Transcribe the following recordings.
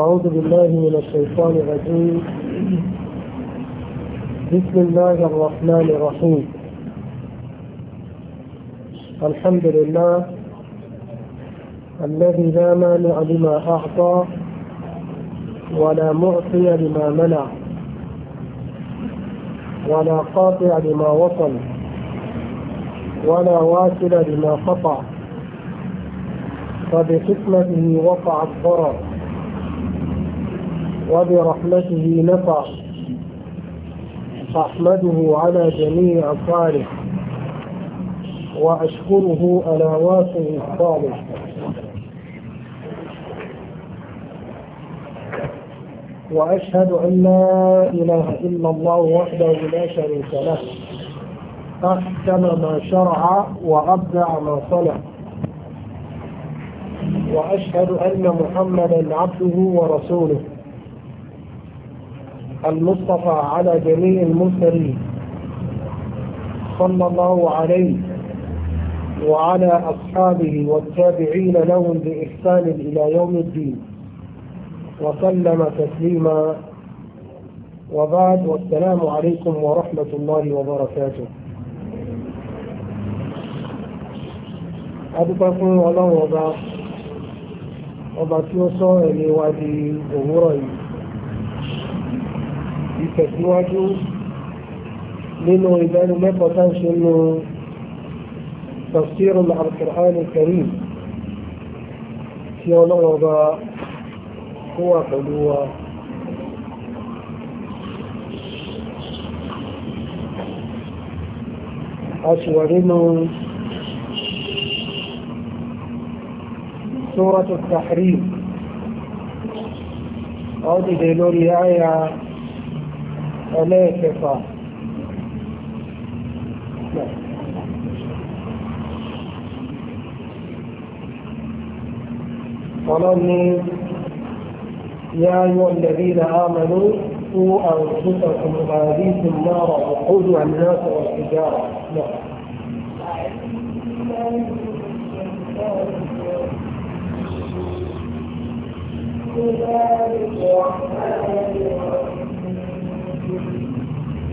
أعوذ بالله من الشيطان الرجيم بسم الله الرحمن الرحيم الحمد لله الذي لا مانع لما أعطى ولا معطي لما منع ولا قاطع لما وصل ولا واصل لما قطع فبحكمته وقع الضرر وبرحمته نفع أحمده على جميع أفعاله وأشكره على واسع الصالح وأشهد أن لا إله إلا الله وحده لا شريك له أحكم ما شرع وأبدع ما صنع وأشهد أن محمدا عبده ورسوله المصطفى على جميع المرسلين صلى الله عليه وعلى أصحابه والتابعين لهم بإحسان إلى يوم الدين وسلم تسليما وبعد والسلام عليكم ورحمة الله وبركاته ابو بكر ọlọ́run ọba ọba tí ó sọ ìtẹ̀síwájú nínú ìdánilẹ́kọ̀ọ́ tá ń ṣe nínú تفسير القرآن الكريم tí ọlọ́wọ́ bá kó wà pẹ̀lú wa a ṣe wà nínú sóràtù tàhírì ọdún ìdè lórí ayá ثلاثة قالني يا أيها الذين آمنوا قوا أنفسكم وأهليكم النار وقودها الناس والحجارة نعم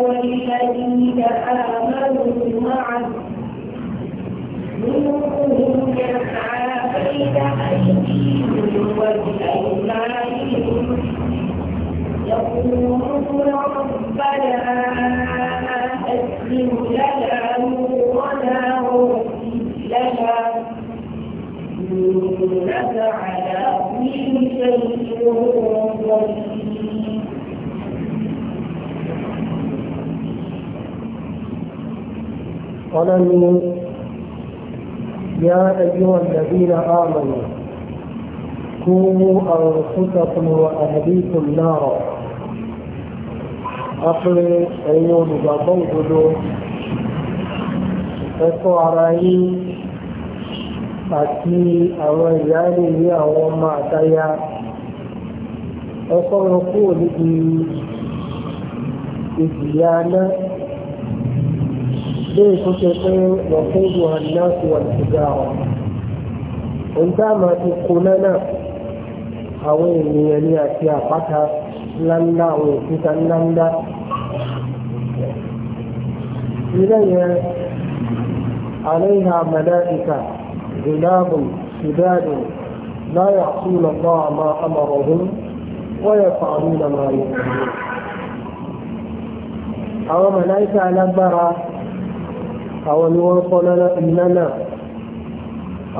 والذين آمنوا معه نورهم يسعى بين أيديهم وبأيمانهم يقولون ربنا أسلم لنا نورنا واغفر لنا إنك على ظلموا يا أيها الذين آمنوا كونوا أنفسكم وأهليكم نارا أقل أيون بطوبدو ẹ̀kọ́ ara yín àti àwọn ìyáálé ní àwọn ọmọ àtayá ẹ̀kọ́ wọn kúrò níbi náà بين شقيقين وقودها الناس والحجارة عندما تقولنا أوين يليا يعني سياقتها لنا وفتن لنا إلي عليها ملائكة غلاب شداد لا يعصون الله ما أمرهم ويفعلون ما يؤمرون أو ملائكة لبرا àwọn ni wọ́n kọ́ iná náà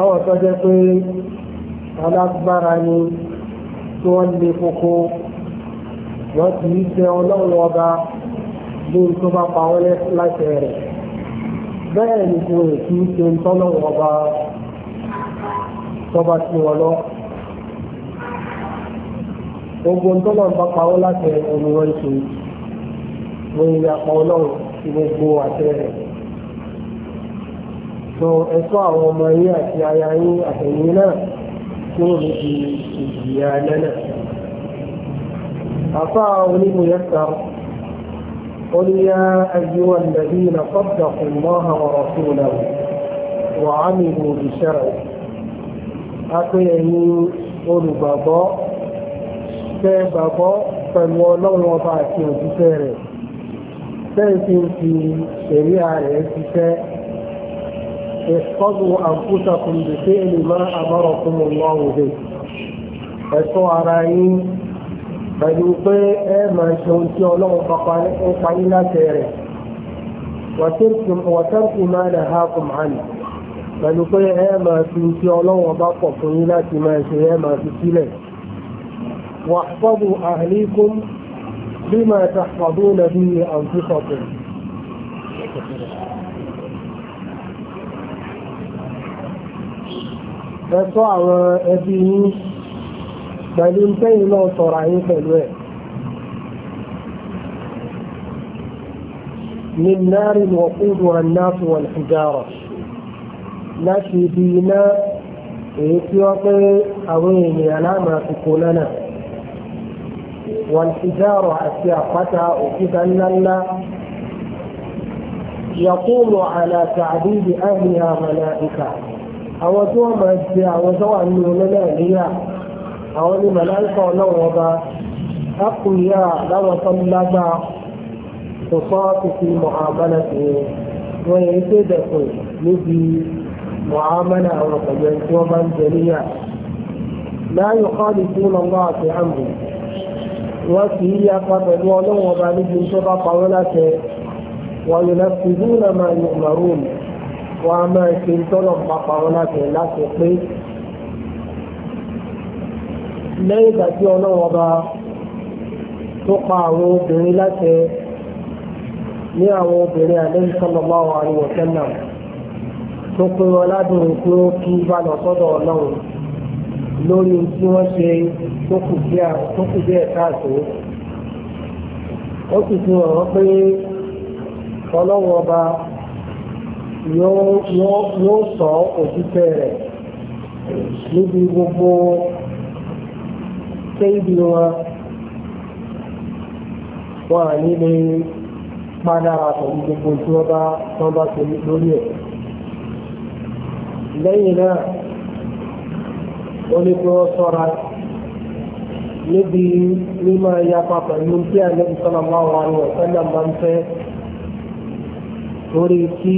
àwọn tó jẹ́ pé alágbára ni tí wọ́n lè koko wọ́n ti ń tẹ ọlọ́run ọba bí n tó bá pa wọ́n láṣẹ rẹ̀ bẹ́ẹ̀ ni kò rè kí n ṣe ń tọ́lọ́run ọba tọ́ba sí wọn lọ. gbogbo ń tọ́lọ́run bá pa wọ́n láṣẹ òmìnira ìṣòro wọ́n ìyàpọ̀ ọlọ́run gbogbo àṣẹ rẹ̀ so ẹ̀tọ́ àwọn ọmọ yín àti aya yín àtẹ̀yìn náà tí wọ́n lè fi ìjìyà lẹ́nà. àfa onímọ̀ yẹn ta قل يا أيها الذين صدقوا الله ورسوله وعملوا بشرعه أقيموا olùgbàgbọ́ tẹ́ gbàgbọ́ pẹ̀lú ọlọ́run ọba àti òjíṣẹ́ rẹ̀ tẹ́ ń fi ṣẹ̀rí ààrẹ ṣiṣẹ́ احفظوا أنفسكم بفعل ما أمركم الله به ẹ̀tọ́ ara yín pẹ̀lú pé ẹ máa ṣe ohun tí ọlọ́run bá ń parí láti rẹ̀ wọ́tẹ́rùkù máa nà ha kùn àná pẹ̀lú pé ẹ máa fi tí ọlọ́run bá pọ̀ fún yín láti máa ṣe ẹ máa fi sílẹ̀ واحفظوا أهليكم بما تحفظون به أنفسكم بس من نار وقودها الناس والحجارة لكي بينا ايتيوطي اوين يلاما تكوننا والحجارة اسياقتها وكذا لنا يقول على تعذيب اهلها ملائكه àwọn tí wọ́n máa ṣe àwọn tó wà nínú lọ́lẹ́ ìlera àwọn ní màláìkà ọlọ́run ọba lákùnrin láwọn tó lágbára kò sọ fífi mọ̀hámánà sí i wọ́n yẹ ṣe dẹ̀kùn níbi mọ̀hámánà àwọn pẹ̀lú ẹni tí wọ́n máa ń jẹ níyà. láyò kọ́ni tí wọ́n bá àti àmì wọ́n kì í yapa pẹ̀lú ọlọ́run ọba níbi tó bá pa láṣẹ wọ́n yóò lọ wọn a máa ṣe tọ́lọ̀ pápá wọn láti láti pé lẹ́yìn ìgbà tí ọlọ́wọ́ bá tó pa àwọn obìnrin láti ní àwọn obìnrin àlẹ́yìn sallallahu alaihi wa sallam tó pé wọn ládùn pé ó kí bá lọ sọ́dọ̀ ọlọ́run lórí tí wọ́n ṣe tó kù díẹ̀ káàtó ó sì fi hàn wọ́n pé ọlọ́wọ́ ọba yóò sọ òjíṣẹ́ rẹ̀ níbi gbogbo kéèdì wọn wọn à ní lè pádára pẹ̀lú gbogbo tí wọ́n bá wọ́n bá ṣe lórí ẹ̀. lẹ́yìn náà ó ní kí wọ́n sọ́ra níbi mímọ́ ẹ̀yà papọ̀ ní àlẹ́ ìsọ́nà máa wà ní ọ̀sán náà máa ń fẹ́ torí kí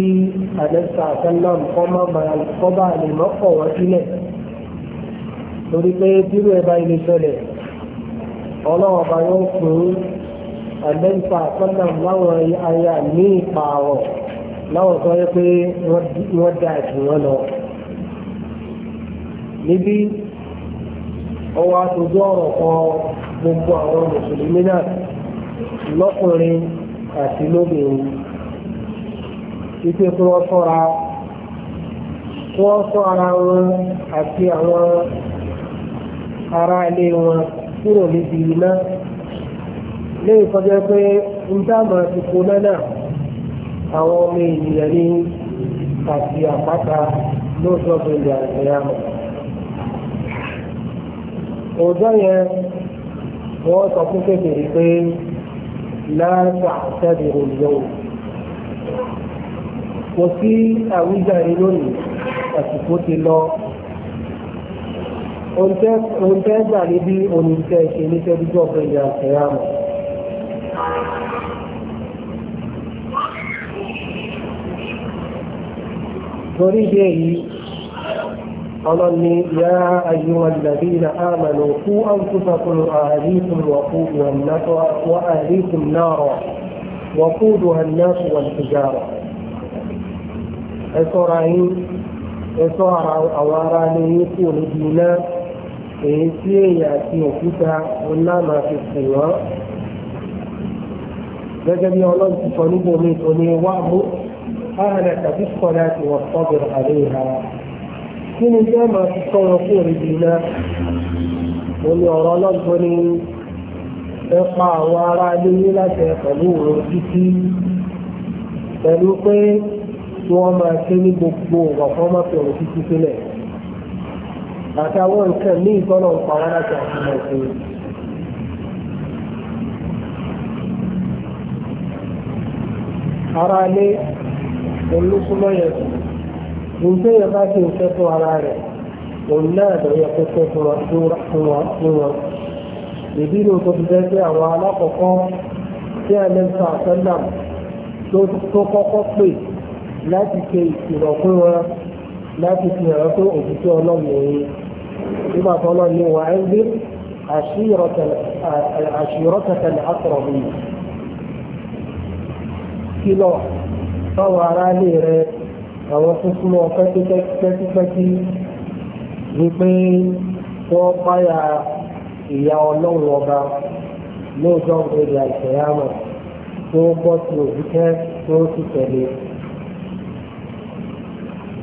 àdẹ́sà àtẹ́lá nǹkan má máa kọ́ bá lè mọ́kọ̀ wọ́n sílẹ̀ torí pé bírú ẹ̀ bá ilé ṣẹlẹ̀ ọlọ́wọ́ bá yóò fún àdẹ́sà àtẹ́lá láwọn aya ní ìpààrọ̀ láwọn sọ pé wọ́n dá ẹ̀sùn wọn lọ. níbi ọwọ́ àtòjú ọ̀rọ̀ kan gbogbo àwọn mùsùlùmí náà lọ́kùnrin àti lóbìnrin ìpè kí wọ́n sọ́ra wọ́n sọ ara wọn àti àwọn ará ilé wọn kúrò níbi iná léyìí kọjá pé ń dáàmà ti kó náà àwọn ọmọ ènìyàn ní àti àpáta lóòótọ́ gbèlè àgbéyàmọ̀. òòjọ́ yẹn wọ́n sọ fún kékeré pé láàrín àtẹ́bẹ̀rẹ̀ yòówù kò sí àwíjàre lónìí àsìkò ti lọ ohun tẹ́ gbà níbi oníṣẹ́ ṣe ní tẹ́lifíṣọ́ fẹ́lẹ̀ àṣẹyàmù. torí bí èyí ọlọ́ni yá ayúwa ìdàbí ìlà àmàlò kú àǹtúfàkùn àhàríkùn wàkúùdù náà wàkúùdù náà wàkúùdù náà wàkúùdù ẹ ṣọ́ra yín ẹ ṣọ́ àwọn ará ní yín kúrò níbi iná èyí tí àti òkúta ọ̀nà máa fi sìn wọ́n. gẹ́gẹ́ bí ọlọ́run ti sọ níbo mi tó ní wá mú ààrẹ tàbí sọ̀rọ̀ àti wọ́n àlẹ́ ìhà. kí ni tí wọ́n máa ṣe ní gbogbo ọ̀gá kan máa fi ọ̀rọ̀ títí sílẹ̀ àtàwọn nǹkan ní ìtọ́nà ń pa wọ́n láti àfihàn sí i. ara lé olùsúmọ́ yẹn sùn nǹkan yẹn bá ti ń fẹ́ fún ara rẹ̀ òun náà lọ́yẹ̀ kó fẹ́ fún wọn. ìdí ni tó fi jẹ́ àwọn alákọ̀ọ́kọ́ tí a lè fa àtẹ́lẹ̀ tó kọ́kọ́ pè láti ṣe ìkìlọ̀ fún wọn láti fi hàn pé òṣìṣẹ́ ọlọ́run òun nígbà tó ọlọ́run ní wa ẹ́ ń gbé àṣírọ́kẹ̀kẹ̀ ní àkọ̀rọ̀ mi kìlọ̀ fáwọn aráalé rẹ àwọn tó súnmọ́ pẹ́kípẹ́kí ni pé wọ́n páyà ìyá ọlọ́run ọba lóòjọ́ òde àìsàn yàmọ̀ tó bọ́ sí òṣìṣẹ́ tó ti tẹ̀lé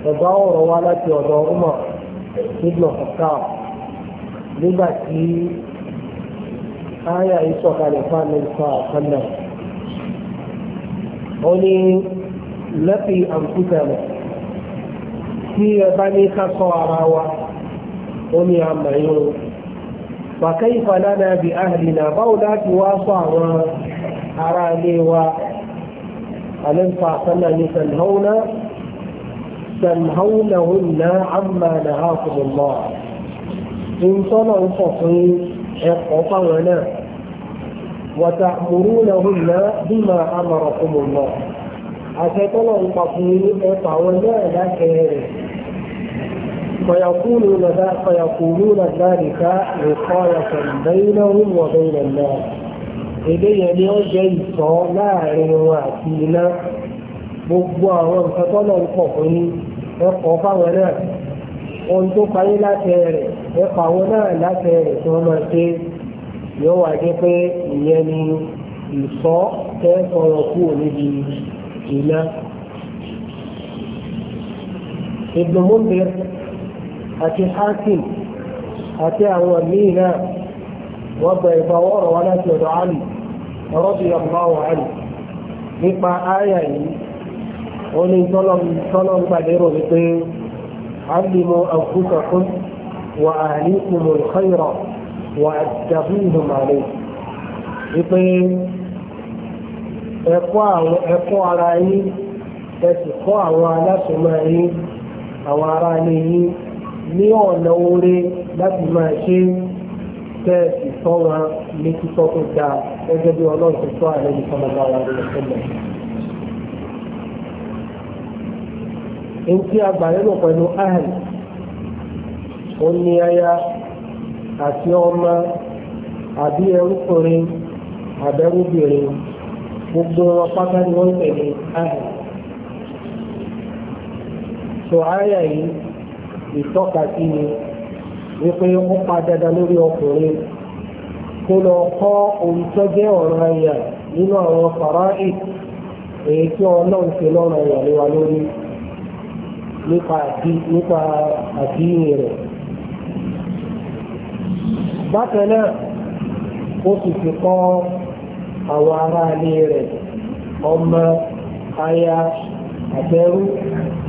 ẹ̀gbá ọ̀rọ̀ wá láti ọ̀dọ̀ Umar ibn Khattab nígbà tí aya ìsọ̀kalẹ̀ fáńdẹ̀sọ̀ àkànnà ó ní lẹ́fì àǹkútẹ̀lẹ̀ tí ẹ bá ní ká sọ ara wa ó ní àmà yóò fàkẹ́ ìfàdánà bí ahìlìnà báwo láti wá sọ àwọn ará ilé wa àlẹ́ ń àkànnà ní sẹ̀lẹ̀ تنهونهن عما نهاكم الله إن صنعوا فصيل اقطعنا وتأمرونهن بما أمركم الله أتطلعوا فصيل اقطعنا لك فيقولون ذلك فيقولون ذلك وقاية بينهم وبين الناس إذا ni ó jẹ́ ìsọ́ láàrin wọn ẹ̀kọ́ fáwọn náà ohun tó parí láti rẹ̀ ẹ̀kọ́ àwọn náà láti rẹ̀ tí wọ́n máa ṣe yóò wá jẹ́ pé ìyẹn ni ìsọ́ tẹ́ sọ̀rọ̀ kúrò níbi iná. Ibn àti Hakim àti àwọn míì náà wọ́n gba ìfọwọ́rọ̀ wá láti ọ̀dọ̀ Àlì, ọ̀rọ̀ bí ọ̀gbọ́n Àlì nípa áyà yìí ó ní tọ́lọ́ ń gbàlérò wípé alimu anfusakum wa ahlikum alkhayra wa addabuhum alayhi wípé ẹ̀kọ́ ara yín ẹ sì kọ́ àwọn aláṣọmọ́ yín àwọn ará ilé yín ní ọ̀nà oore láti máa ṣe tẹ́ ìtọ́ ní títọ́ tó dáa gẹ́gẹ́ bí ọlọ́run tó tọ́ àlejò sọ́mọ́ bá wà lọ́sọ́mọ́. ntí agbàlérò pẹ̀lú ahl oní aya àti ọmọ àbí ẹrúkùnrin àbẹ́rúbìnrin gbogbo wọn pátá ni wọ́n tẹ̀lé ahl. sọ aya yìí ìtọ́ka sí ni wípé ó pa dandan lórí ọkùnrin kó lọ kọ́ ohun tó jẹ́ ọ̀ràn ẹ̀yà nínú àwọn fàráì èyí tí ọlọ́run nípa àti nípa àti yìnyín rẹ̀. bákan náà ó sì fi kọ́ àwọn aráalé rẹ̀ ọmọ aya àtẹrú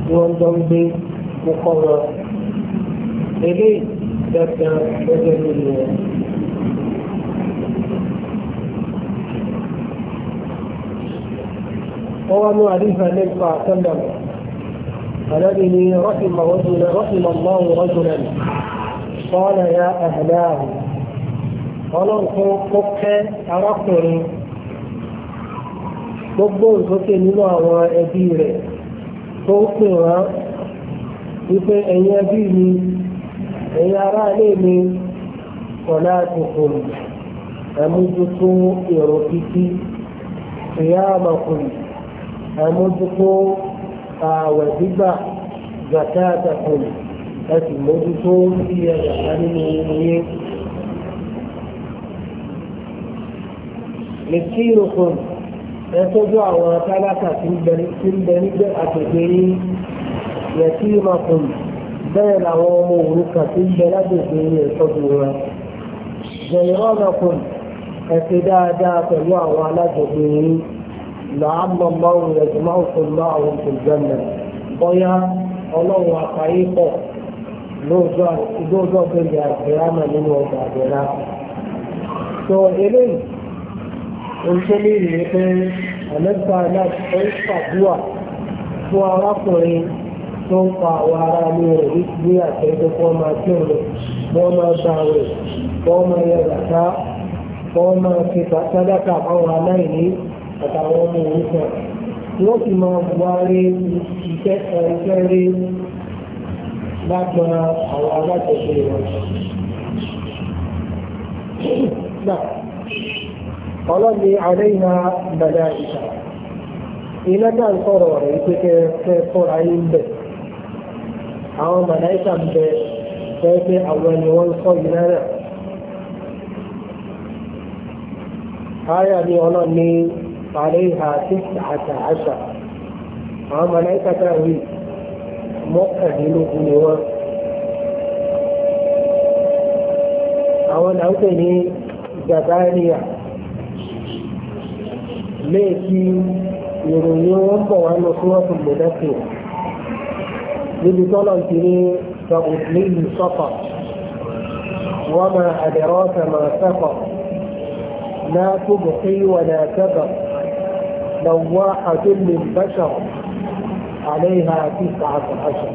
tí wọ́n jọ ń gbé kókọ́ wọn. eléyìí dandan gẹ́gẹ́ bí ìyẹn. وهو حديث النبي صلى الله عليه فلبني رحم رجل رحم الله رجلا قال يا أهلاه ọlọ́run kó kẹ́ arákùnrin gbogbo ìsókè nínú àwọn ẹbí rẹ̀ tó ń pè wípé ẹ̀yin ẹbí mi ẹ̀yin aráalé mi kọ̀lá àtìkùn ẹ̀mójútó èrò kíkí ìyá àmàkùn ẹ̀mójútó فواجب زكاتكم أتمدكم في يدخل المؤمنين مسكينكم يتجع وثلاثة في البلد أتجين يتيمكم بين ومورك في البلد في صدورة جيرانكم أتدادات الله على جبينه na الله يجمعكم معهم في الجنة bóyá ọlọ́run àpáyé pọ̀ lóòjọ́ gbẹ̀gbẹ̀ àgbẹ̀rámà nínú ọgbà àgbẹ̀rá. tó eléyìí ohun tó lè rí pé àmẹ́ta náà ó ń ṣàdúrà fún arákùnrin tó ń pa àwọn ará ní rẹ̀ ní àtẹ́jọ́ kó máa tún rẹ̀ wọ́n máa gba àtàwọn ọmọ òrukàn wọ́n sì máa wá rí iṣẹ́ ẹ̀ṣẹ́ rí lágbọn àwọn alájọṣe wọn. ọlọ́ni àléhà bàdá ìṣà iná náà ń sọ̀rọ̀ rẹ̀ pé kẹ́ fọ́ra yín bẹ̀. àwọn màláìkà ń bẹ fẹ́ àwọn ni wọ́n ń sọ iná náà. Aya ni ọlọ́ni. عليها تسعة عشر عملية تأويل مؤهل نوى àwọn àwùjọ ní jabaniya léèkì ìròyìn wọn bọ̀ wá lọ sí wọ́pù lẹ́dẹ́kì níbi tọ́lọ̀ ti ní sọ̀kùnlẹ́yìn sọ́kọ̀ wọ́n máa àdẹ̀rọ́ ọ̀sẹ̀ máa sẹ́kọ̀ọ́ لا تبقي ولا تذر لواحة للبشر عليها تسعة عشر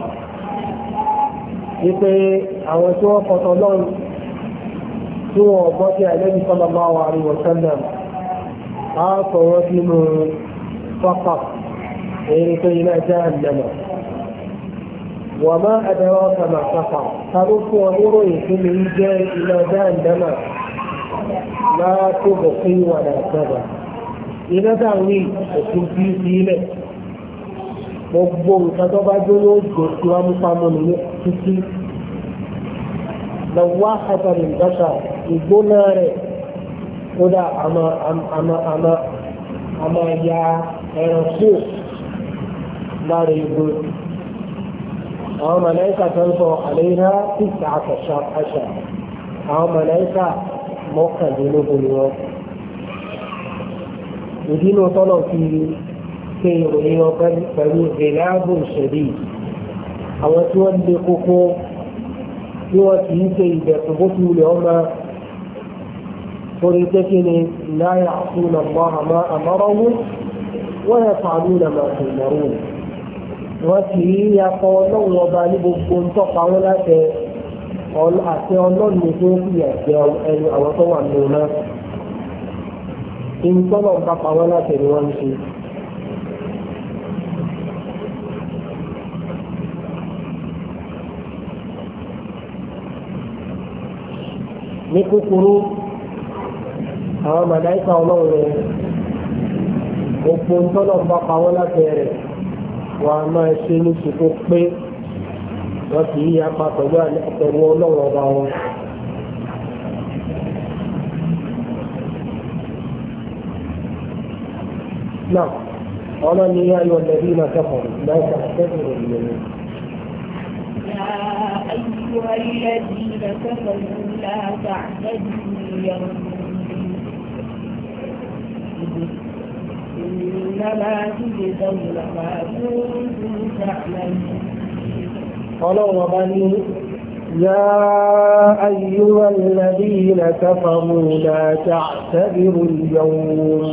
wípé àwọn tí wọ́n kọ̀tọ̀ lọ́rùn tí wọ́n bọ́ sí àìlẹ́bí sallallahu alaihi wa sallam á sọ̀rọ̀ sínú fọ́pà èyí tó iná jẹ́ àdàmà wà má àdáwà kàmà sáfà tàbí fún ọ níròyìn tó lè jẹ́ iná jẹ́ àdàmà láà tó bọ̀ sí wà nàìjíríà iná dáwí òkú bí sí ilẹ̀ gbogbo nǹkan tó bá jó yóò jò tí wọ́n mú pamọ́ nínú títí lọ́wọ́ àtàrí ìdáṣà ìgbóná rẹ̀ kódà àmà ya ẹran kú lára ìgbó àwọn mọ̀lẹ́kà tó ń sọ àléhà títà àkàṣà àṣà ìdínú tọ́lọ̀ fi ṣe ìròyìn wọn pẹ̀lú ìlàbò ìṣẹ̀lẹ̀ àwọn tí wọ́n lè kókó tí wọ́n kì í ṣe ìbẹ̀kùn bó ti wulẹ̀ ọmọ torí pé kí ni láyà àfihàn ọmọ àmọ́ àmọ́rọ́wó wọ́n yẹ fàánù nà máa fi mọ̀rọ̀ wọ́n kì í yakọ ọlọ́run ọba ní gbogbo ntọ́pa wọn láti àti ọlọ́run ní fún ìyàgbẹ́ ẹni àwọn tó wà nínú náà ìǹtọ́lọ̀ ń bá wọn láti ẹ̀rí wọn ṣe. ní kúkúrú àwọn màdáìka ọlọ́run rẹ̀ òpó ìǹtọ́lọ̀ ń bá wọn láti ẹ̀rẹ̀ wọn a máa ṣe ní ṣùkú pé wọ́n kì í yapa pẹ̀lú ọlọ́run ọba wọn. نعم قال يا أيها الذين كفروا لا تعتذروا اليوم يا أيها الذين كفروا لا تعتذروا اليوم إنما تجزون ما كنتم تعملون قالوا وبني يا أيها الذين كفروا لا تعتذروا اليوم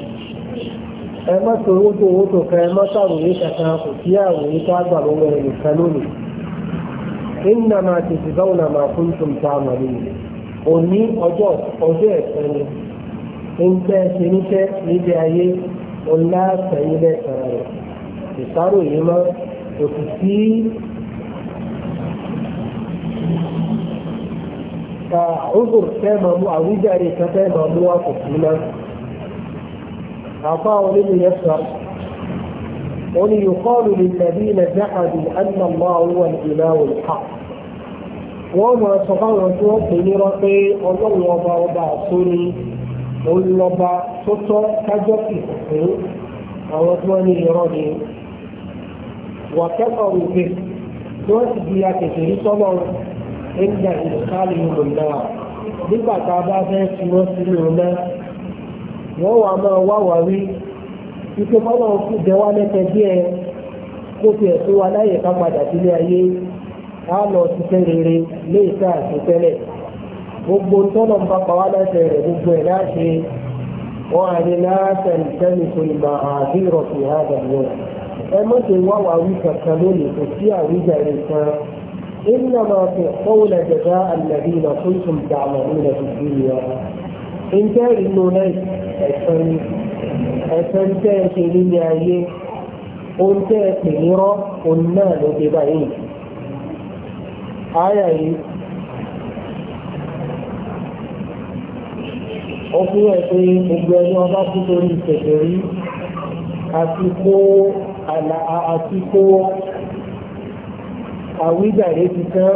ẹ má tó owó tó owó tó kan ẹ má sàròyé kankan kò sí àròyé tó àgbà lọ́wọ́ ẹ nìkan lónìí innama tìsìbáwònà máa fún tòun tá a mọ̀ nínú òní ọjọ́ ọjọ́ ẹ̀sẹ̀ ni ń tẹ́ ṣe níṣẹ́ níbi ayé ọlá sẹ́yìn lẹ́sẹ̀ rẹ̀ ìsáròyé mọ́ òkú sí ọgùn tẹ́ máa mú àwíjàre kan tẹ́ máa mú wá kò sí náà. عطاء بن يسر قل يقال للذين جحدوا أن الله هو الإله الحق وما استطاعوا أن توقي لرقي الله وضع وضع سوري قل وضع سطر كجفي أو أتواني إرادي وكفروا به توسدي كثير صبر عند إدخالهم النار nígbà tá a bá fẹ́ fi wọ́n sínú wọ́n wà máa wá wà rí ike bọ́lá òkú jẹ́ wá lẹ́tẹ̀ díẹ̀ kó tiẹ̀ tó wa láyè ká padà sílé ayé á lọ ṣiṣẹ́ rere léèṣà àti tẹ́lẹ̀ gbogbo tọ́lọ̀ ń bá pàwá lẹ́sẹ̀ rẹ̀ gbogbo ẹ̀ láṣẹ wọn àní láṣẹ ìṣẹ́ni tó ìmọ̀ àbí ìrọ̀kì àdàlọ́ ẹ má ṣe wá wà wí kankan lónìí kò sí àwíjàre kan إنما تحقون جزاء الذين كنتم تعملون في الدنيا إن كان إنه ليس ẹ̀sán ni ẹ̀sán tẹ́ ẹ ṣe nílé ayé ohun tẹ́ ẹ pè ní rọ́ òun náà ló dé báyìí. àyà yìí ó fi hàn pé gbogbo ẹni ọba kú torí ìṣẹ̀lẹ̀ rí àti kó àti kó àwíjàre ti tán.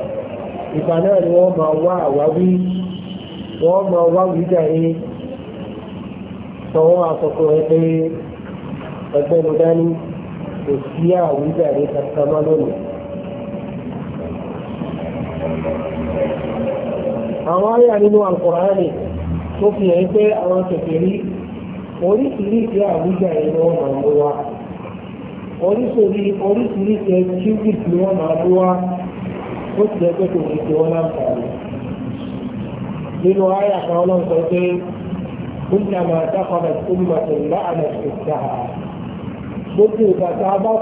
ìgbà náà ni wọ́n máa wá àwáwí wọ́n máa wá wíjà yìí sọ̀wọ́n àkọ́kọ́ ẹgbẹ́ ẹgbẹ́ ló dání kò sí àwíjà yìí kankan mọ́ lónìí. àwọn àyà nínú Al-Kùránì tó fi hàn pé àwọn kèfèrí oríṣiríṣi àwíjà yìí ni wọ́n máa mú wá oríṣiríṣi ẹkí wíìtì ni wọ́n máa mú wá. ó ti jẹ́ pé kò a ṣe wọ́n nínú àyà kan ọlọ́run tó ń gbogbo ìgbà tá a bá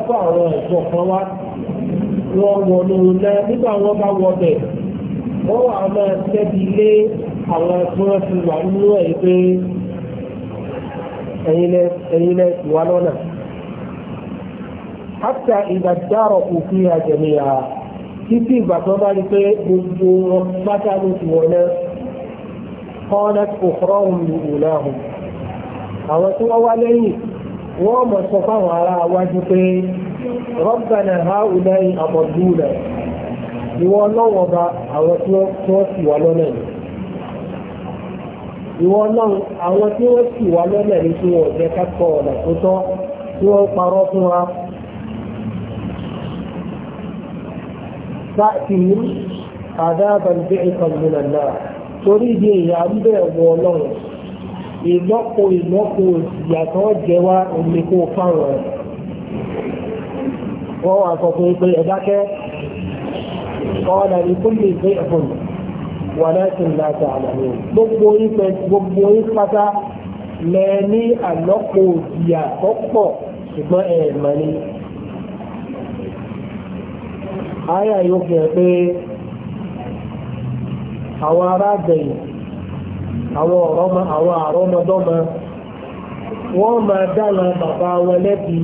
fún àwọn ẹ̀sọ́ kan wá wọ́n wọnú na nígbà wọ́n bá na bẹ̀ wọ́n wà máa tẹ́bi lé àwọn tí ti wà nínú ẹ̀ pé ẹ̀yin lẹ ti wá lọ́nà. حتى إذا اداركوا فيها جميعا títí ìgbà tó bá rí pé gbogbo wọn pátá ló ti wọlé kọ́nà òkúrọ́hùn ní ìlàhùn àwọn tí wọ́n wá lẹ́yìn wọ́n mọ̀ sọ fáwọn ará wájú pé rọ́bànà ha ùdá àbọ̀dúnà ìwọ lọ́wọ́ bá àwọn tí wọ́n sì wà lọ́nà yìí ìwọ náà àwọn tí wọ́n sì wà lọ́nà yìí tí wọ́n jẹ́ ká ọ̀nà tó tọ́ tí wọ́n parọ́ fún wa fàtìyìn àdábàlùbẹ́ ìkànnìlà náà torí ìdí èyí à ń bẹ̀ wọ ọlọ́run ìlọ́po ìlọ́po ìyàtọ̀ jẹ wá omi kó fáwọn ẹ̀ wọ́n wà sọ fún pé ẹ dákẹ́ ọ̀nà ìkúlù ìgbé ẹ̀fọn wà láti ń láti àlàyé gbogbo ìpẹ gbogbo ìpátá lẹ ní àlọ́po ìyàtọ̀ pọ̀ ṣùgbọ́n ẹ̀ ni. àyà yóò fi hàn pé àwọn ará àwọn àrọ́mọdọ́mọ wọ́n máa dáná bàbá wọn lẹ́bi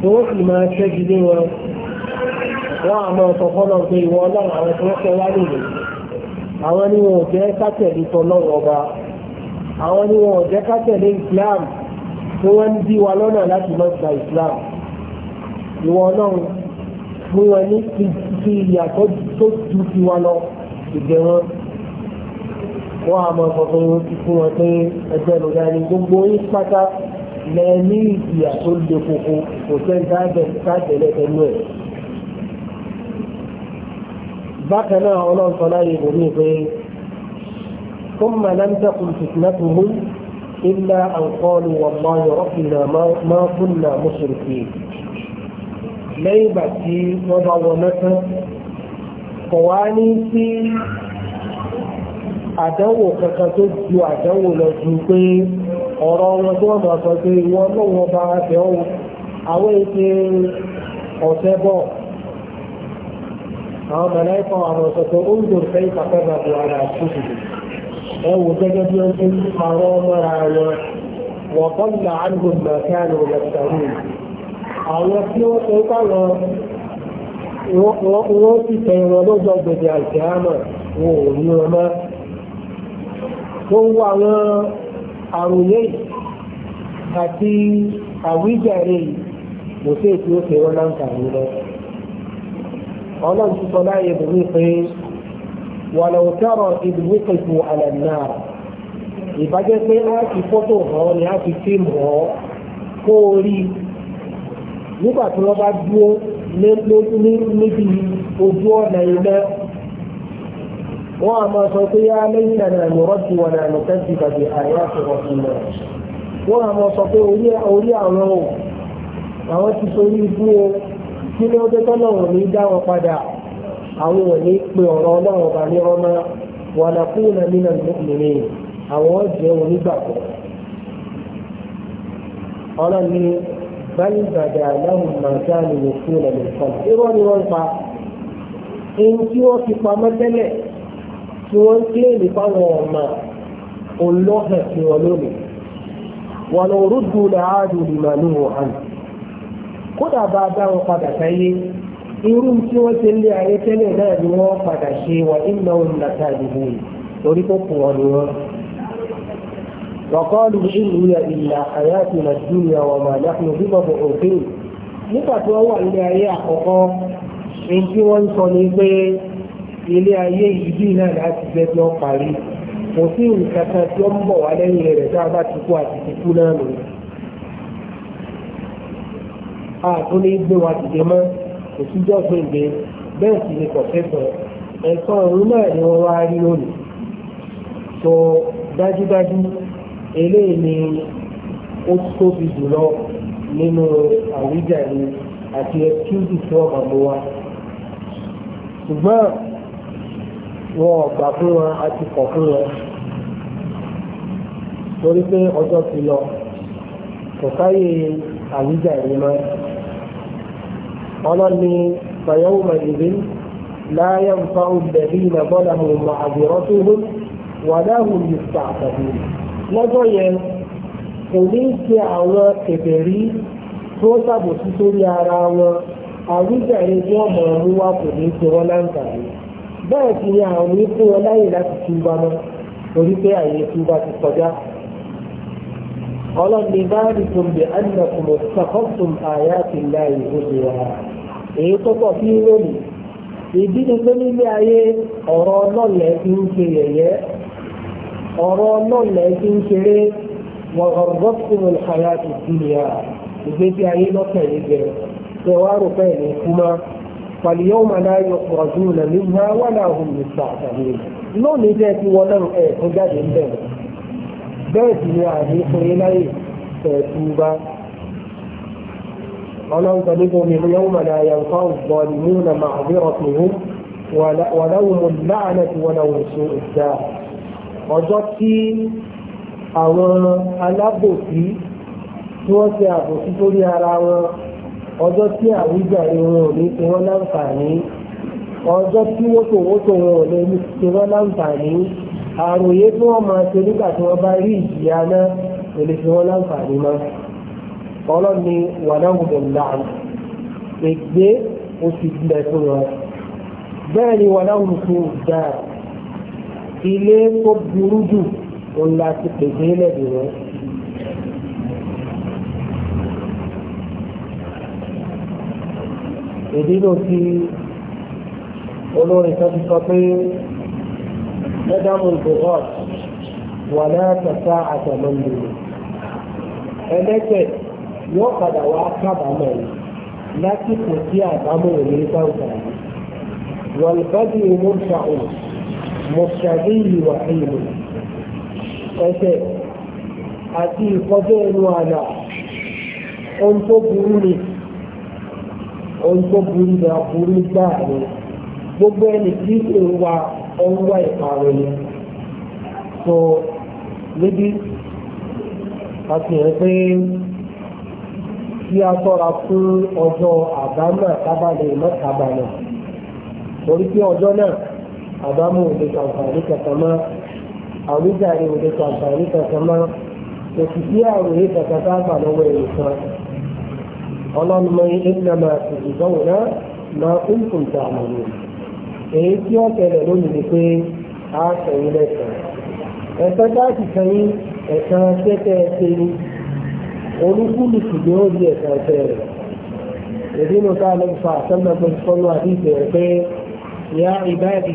tí wọ́n sì máa ṣẹ́gi lé wọn wọ́n àmọ́ ọ̀tọ̀kọ́nà pé ìwọ ọlọ́run àwọn tí wọ́n fẹ́ wá lòlè àwọn ni wọn ò jẹ́ kátẹ̀lé ọba àwọn ni wọn ò jẹ́ kátẹ̀lé Islam tí wọ́n ń dí wa lọ́nà láti gba Islam ìwọ ọlọ́run fún wọn ní ti ìyàtọ̀ tó ju tiwa lọ ìgbẹ́ wọn wọ́n á máa fọ̀fọ̀ wọn ti fún wọn pé ẹgbẹ́ lọ́dà ni gbogbo yín pátá lẹ́ẹ̀ní ìjìyà tó le koko kò sẹ́ni tábẹ̀lẹ̀ pẹ̀lú ẹ̀. bákan náà ọlọ́run sọ láyé ìbòmí pé ثم لم تكن فتنتهم إلا أن قالوا والله ربنا ما كنا مشركين lẹ́yìn ìgbà tí wọ́n bá wọ mẹ́tán kò wá ní sí àdánwò kankan tó ju àdánwò lọ ju pé ọ̀rọ̀ wọn tó wọ́n bá sọ pé ìwọ náà wọ́n bá bẹ̀ ọ́ àwọn èdè ọ̀sẹ̀ bọ̀ àwọn mẹ̀lẹ́kọ̀ àwọn ọ̀sọ̀tọ̀ oúnjẹ òfẹ́ ìpàkọ́gbà bò ara àkókò ẹ gẹ́gẹ́ bí wọ́n ti ń parọ́ wọn wọ̀kọ́ ìlà àdúgbò mẹ́kánù lẹ́tàrú àwọn tí wọ́n ṣe ń káwọn wọ́n sì tẹ wọn lọ́jọ́ gbèdé àìsí àmà wọn ò rí wọn mọ́. tó ń wọ àwọn àròyé àti àwíjàre kò sí èsì ó ṣe wọn láǹkàní lọ. ọlọ́run ti sọ láàyè bùnú pé ولو ترى إذ وقفوا على النار ìbájẹ́ pé á ti fọ́tò hàn ni á ti fíìmù hàn kó o rí i nígbà tí wọ́n bá dúró níbi ojú ọ̀nà iná wọ́n á máa sọ pé yá lẹ́yìn náà nàánú rọ́ọ̀tì wọn nàánú kẹ́sì bàbí àyà wọ́n á máa sọ pé orí àwọn àwọn ti sori ibú o kí dé tọ́lọ̀ ní dá wọn padà àwọn ò ní pe ọ̀rọ̀ ọlọ́run ọba ní wọn là àwọn ọlọ́run ní bal bàdà lahum ma kanu yusuna min qabl irọ́ ni wọ́n pa ẹni tí wọ́n fi pamọ́ tẹ́lẹ̀ tí wọ́n kílè nípa wọn ọ̀ma olóhàn sí wọn lónìí wọn ò rúdù làádùn ìmàlú wọn hàn kódà bá a dá wọn padà sáyé irú tí wọ́n ti lé ayé tẹ́lẹ̀ náà ni wọ́n padà ṣe wà ìnáwó ńlá tàbí wọ́n torí kó kù wọn ni wọ́n. وقالوا إن هي إلا حياتنا الدنيا وما نحن بمبعوثين nígbà tí wọ́n wà ní ayé àkọ́kọ́ ní tí wọ́n ń sọ ní pé ilé ayé yìí bí náà láti jẹ́ tí wọ́n parí kò sí nǹkan tí ó ń bọ̀ wá lẹ́yìn rẹ̀ tá a bá ti kú àti ti kú náà nù. a tún ní gbé wa dìde mọ́ kò síjọ́ gbèǹde bẹ́ẹ̀ sì ni kọ̀fẹ́sọ̀ ẹ̀sán ọ̀run náà ni wọ́n wá rí lónìí. so dájúdájú eléyìí ni ó tóbi jùlọ nínú àwíjàre àti ẹkúdù tí wọ́n máa mú wa ṣùgbọ́n wọn ò fún wọn àti kọ̀ fún wọn torí pé ọjọ́ ti lọ kò sáyé àwíjàre mọ́ ọlọ́ni fàyẹ̀wò màdìrín láyé nfa òbẹ̀rí ìnàbọ́lá mọ̀ àbúrọ́tò wọn wàdáhùn yìí sàkàdúrà. lọ́jọ́ yẹn kò ní ṣe àwọn kẹ̀kẹ̀rí tó ṣàbòsí sórí ara wọn àwíjàre tí wọ́n mọ̀ ọ́n wá kò ní ṣe wọ́n láǹfààní bẹ́ẹ̀ sì ni àwọn ní fún wọn láyè láti mọ́ torí pé àyè ti kọjá. ọlọ́ni báyìíkùn bí annakum ṣàkóṣùn àyàtì èyí tó pọ̀ sí lónìí ìdí ni pé nílé ayé ọ̀rọ̀ ọ̀rọ̀ ọlọ́ọ̀lá ẹbí ń ṣeré wọ́n ọ̀rọ̀ fún ìhàyà ìdílé à ìgbésí ayé lọ́tẹ̀ yìí jẹ ṣe wá rò pé ní kúmá pàlíyàn máa náà yọ ọ̀dù nàní má wà náà hùn ní sàtàlì lónìí jẹ́ ti wọ́n náà ẹ̀ tó jáde ń bẹ̀rẹ̀ bẹ́ẹ̀ sì ni àdé fún yín láyè tẹ̀ẹ̀tù bá ọlọ́run kan níbo ni yóò máa náà yàn fáwọn bọ́ọ̀lù mú na màá bí ọ̀tún wọn láwọn mú láàánà tí wọ́n náà wọ̀ ọjọ́ tí àwọn alábòsí tí wọ́n ṣe àbòsí sórí ara wọn ọjọ́ tí àwíjàre wọn ò ní ṣe wọ́n láǹfààní ọjọ́ tí wótòwótò wọn ò lè ṣe wọ́n láǹfààní àròyé tí wọ́n máa ṣe nígbà tí wọ́n bá rí ìjìyà náà kò lè ṣe wọ́n láǹfààní mọ́ ọlọ́ni wàdáhùdọ̀ láàmù ègbé oṣù ìgbìlẹ̀ fún wọn bẹ́ẹ̀ ni wàdáhùdọ̀ dáa ilé tó burú jù òun la ti pèsè lẹ́bi rẹ̀. ìdílò ti olórin kan ti sọ pé mẹ́dàmù ìgbòhàn wà látàtà àtàlọ́lù ẹlẹ́tẹ̀ yóò padà wá kábàámọ̀ yìí lásìkò tí àbámọ̀ òní bá ń kàrí wọ́n bá di mọ̀ṣàdéyìí wà ìlú ẹsẹ̀ àti ìkọjọ́ ẹnu àlà ohun tó burú ni ohun tó burú ni aburú gbáà ni gbogbo ẹni tí ìwà ọwọ́ ìparun ni so níbi àti ẹ̀ pé kí a tọ́ra fún ọjọ́ àbámọ̀ tábàlẹ̀ mọ́tàbàlẹ̀ torí pé ọjọ́ náà àbámọ̀ òde kàǹfààní kankan mọ́ àwíjàre òde kàǹfààní kankan mọ́ òsì sí àròyé kankan tá a gbà lọ́wọ́ ẹ̀yìn kan ọlọ́run mọ ẹ̀yìn máa sì ìdánwò náà máa ń kùn tà àmàlù èyí tí ó tẹ̀lẹ̀ lónìí ni pé a sẹ̀yìn lẹ́sàn-án ẹ̀sán tá a sì sẹ́yìn ẹ̀sán tẹ́tẹ́ ṣe ni olúkúlùkù ni ó di ẹ̀sán tẹ́ èdè nù tá a lè àdìsẹ̀ pé ìyá ìbáàdì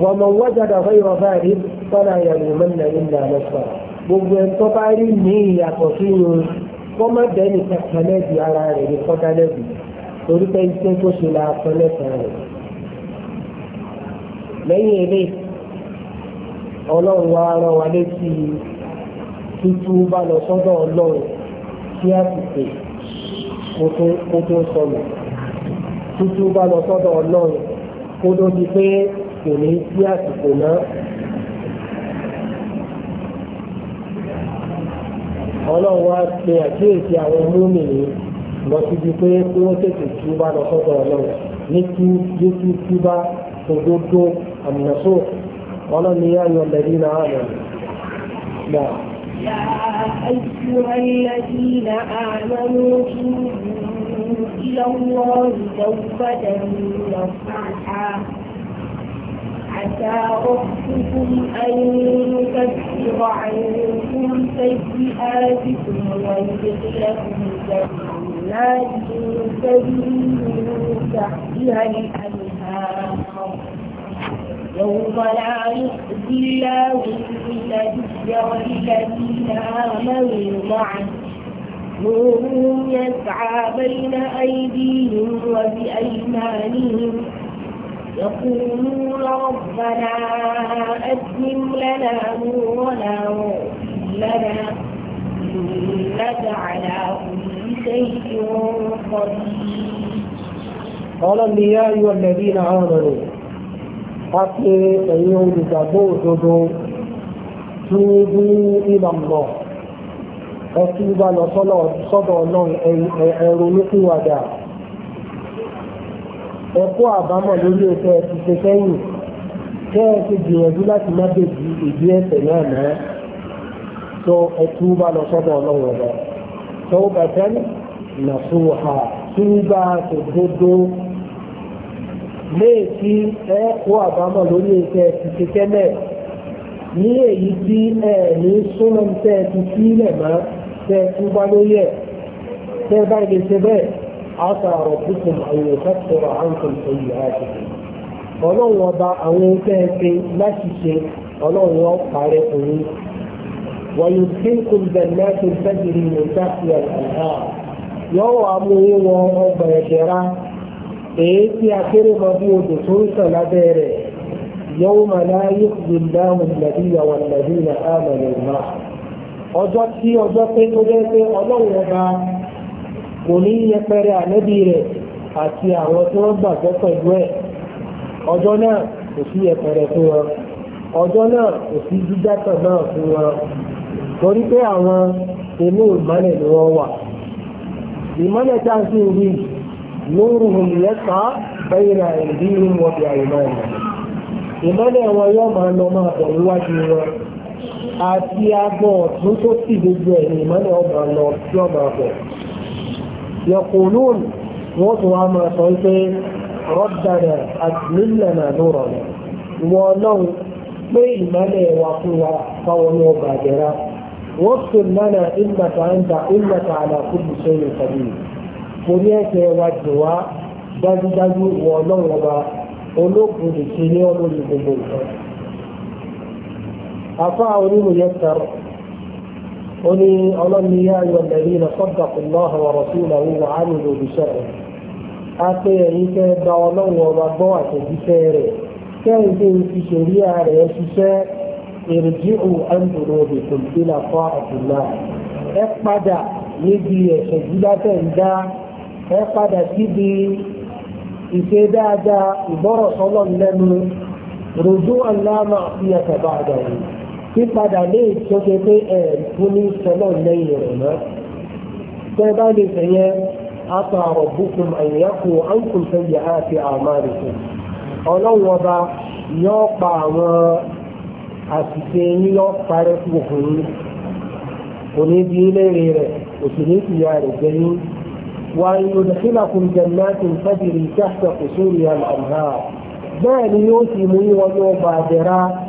ومن وجد غير بارد فلا يلومن إلا نفسه gbogbo ẹ̀ tó bá rí ní ìyàtọ̀ sínú kó má bẹ́ẹ̀ni kàkàlẹ́bì ara rẹ̀ ní kọ́dálẹ́bì torí pé iṣẹ́ tó ṣe la sọ lẹ́sàn rẹ̀. lẹ́yìn eré ọlọ́run wa rán wa létí tútú bá lọ sọ́dọ̀ ọlọ́run kí á sì pè kó tó sọnù tútú bá lọ sọ́dọ̀ ọlọ́run kó tó di pé kò sí àsìkò náà. ọlọ́run wá pe àkíyèsí àwọn múmìnì lọ síbi pé kí wọ́n tètè túbá lọ sọ́dọ̀ ọlọ́run ní kí jésù túbá òdodo àmìnàṣó ọlọ́run ni yáyọ lẹ́yìn náà rẹ̀ يا أيها الذين آمنوا توبوا إلى الله توبة نصوحا عسى ربكم أن يكفر عنكم سيئاتكم ويدخلكم جنات تجري من تحتها الأنهار يوم لا يخزي الله النبي والذين آمنوا معه نورهم يسعى بين أيديهم وبأيمانهم يقولون ربنا أتم لنا نورنا واغفر لنا إنك على كل شيء قدير قال لي يا آمنوا حتى أيهم تبوتوا توبوا إلى الله أتوب على صلاة صدى الله أي أي ẹ kó àbámọ̀ lórí ẹ̀fẹ́ ẹ̀sìn ṣe sẹ́yìn kẹ́ ẹ ti gbìyànjú láti má bèbí ìdí ẹ̀ṣẹ̀ náà mọ́ tó ẹtú bá lọ sọ́dọ̀ ọlọ́run ọ̀dọ̀ tó bàtẹ́ nàṣùwà túbà tòdodo léè tí ẹ kó àbámọ̀ lórí ẹ̀fẹ́ ẹ̀sìn ṣe tẹ́lẹ̀ ní èyí tí ẹ ní súnmọ́ tẹ́ ti sílẹ̀ mọ́ tẹ́ ẹ túbà lórí tẹ́ ẹ ṣe bẹ́ẹ̀. عسى ربكم أن يكفر عنكم سيئاتكم ọlọ́run ọba àwọn ẹgbẹ́ ẹgbẹ́ láti ṣe ọlọ́run ọ̀parẹ́ òun wọ́n ti ń kún bẹ̀rẹ̀ tó fẹ́jìrì ní ìdáfi àgbà yóò wá mú wọn ọgbà ẹ̀dẹ̀ra èyí tí akérèmọdé odò tó ń sàn lábẹ́ rẹ̀ yóò mà láyé ìdáhùn nàbíyà wà nàbíyà ámàlẹ̀ náà ọjọ́ tí ọjọ́ pé tó dé pé ọlọ́run ọba kò ní yẹpẹrẹ ànẹ́bí rẹ àti àwọn tí wọ́n gbàgbọ́ pẹ̀lú náà kò sí yẹpẹrẹ fún wọn ọjọ náà kò sí dídátọ̀ náà fún wọn torí pé àwọn inú ìmọ́lẹ̀ ni wọ́n wà ìmọ́lẹ̀ tá a sì ń rí lóru ìdí bí wọn yóò máa lọ máa níwájú wọn àti tó tó sì gbogbo يقولون وطوا ما صوتين ربنا أكمل لنا نورنا ولو بين ملي وقوة قولوا بادرا واغفر لنا إنك أنت إنك على كل شيء قدير قريك وجوا dájúdájú wọ ọlọ́run ọba olóògùn ìṣe ní ọlọ́run gbogbo nǹkan. قل أولم يا أيها الذين صدقوا الله ورسوله وعملوا بشرعه أقيرك دولا وضعت بشرعه كيف في شريعة يشيشة ارجعوا عن ذنوبكم إلى طاعة الله اقبدا نبي شجدة دا اقبدا سيدي إسيدا دا إبرا صلى الله عليه وسلم رجوعا لا معصية بعده pípadà lè tó ṣe pé ẹ fún ní sọlọ lẹ́yìn rẹ̀ náà tẹ bá lè fẹ yẹn aṣọ àrọ bùkún àyẹ̀kù àǹkùn fẹyẹ àti àmàlùkù ọlọ́run ọba yóò pa àwọn àṣìṣe yín yóò parẹ́ fún òkú yín kò ní bí léèrè rẹ̀ òsì ní ìyá rẹ̀ jẹ́ yín wàá yudkhilakum jannatin tajri tahta qusuriha al-anhar bẹ́ẹ̀ ni yóò sì mú yín wọn yóò bàjẹ́ rárá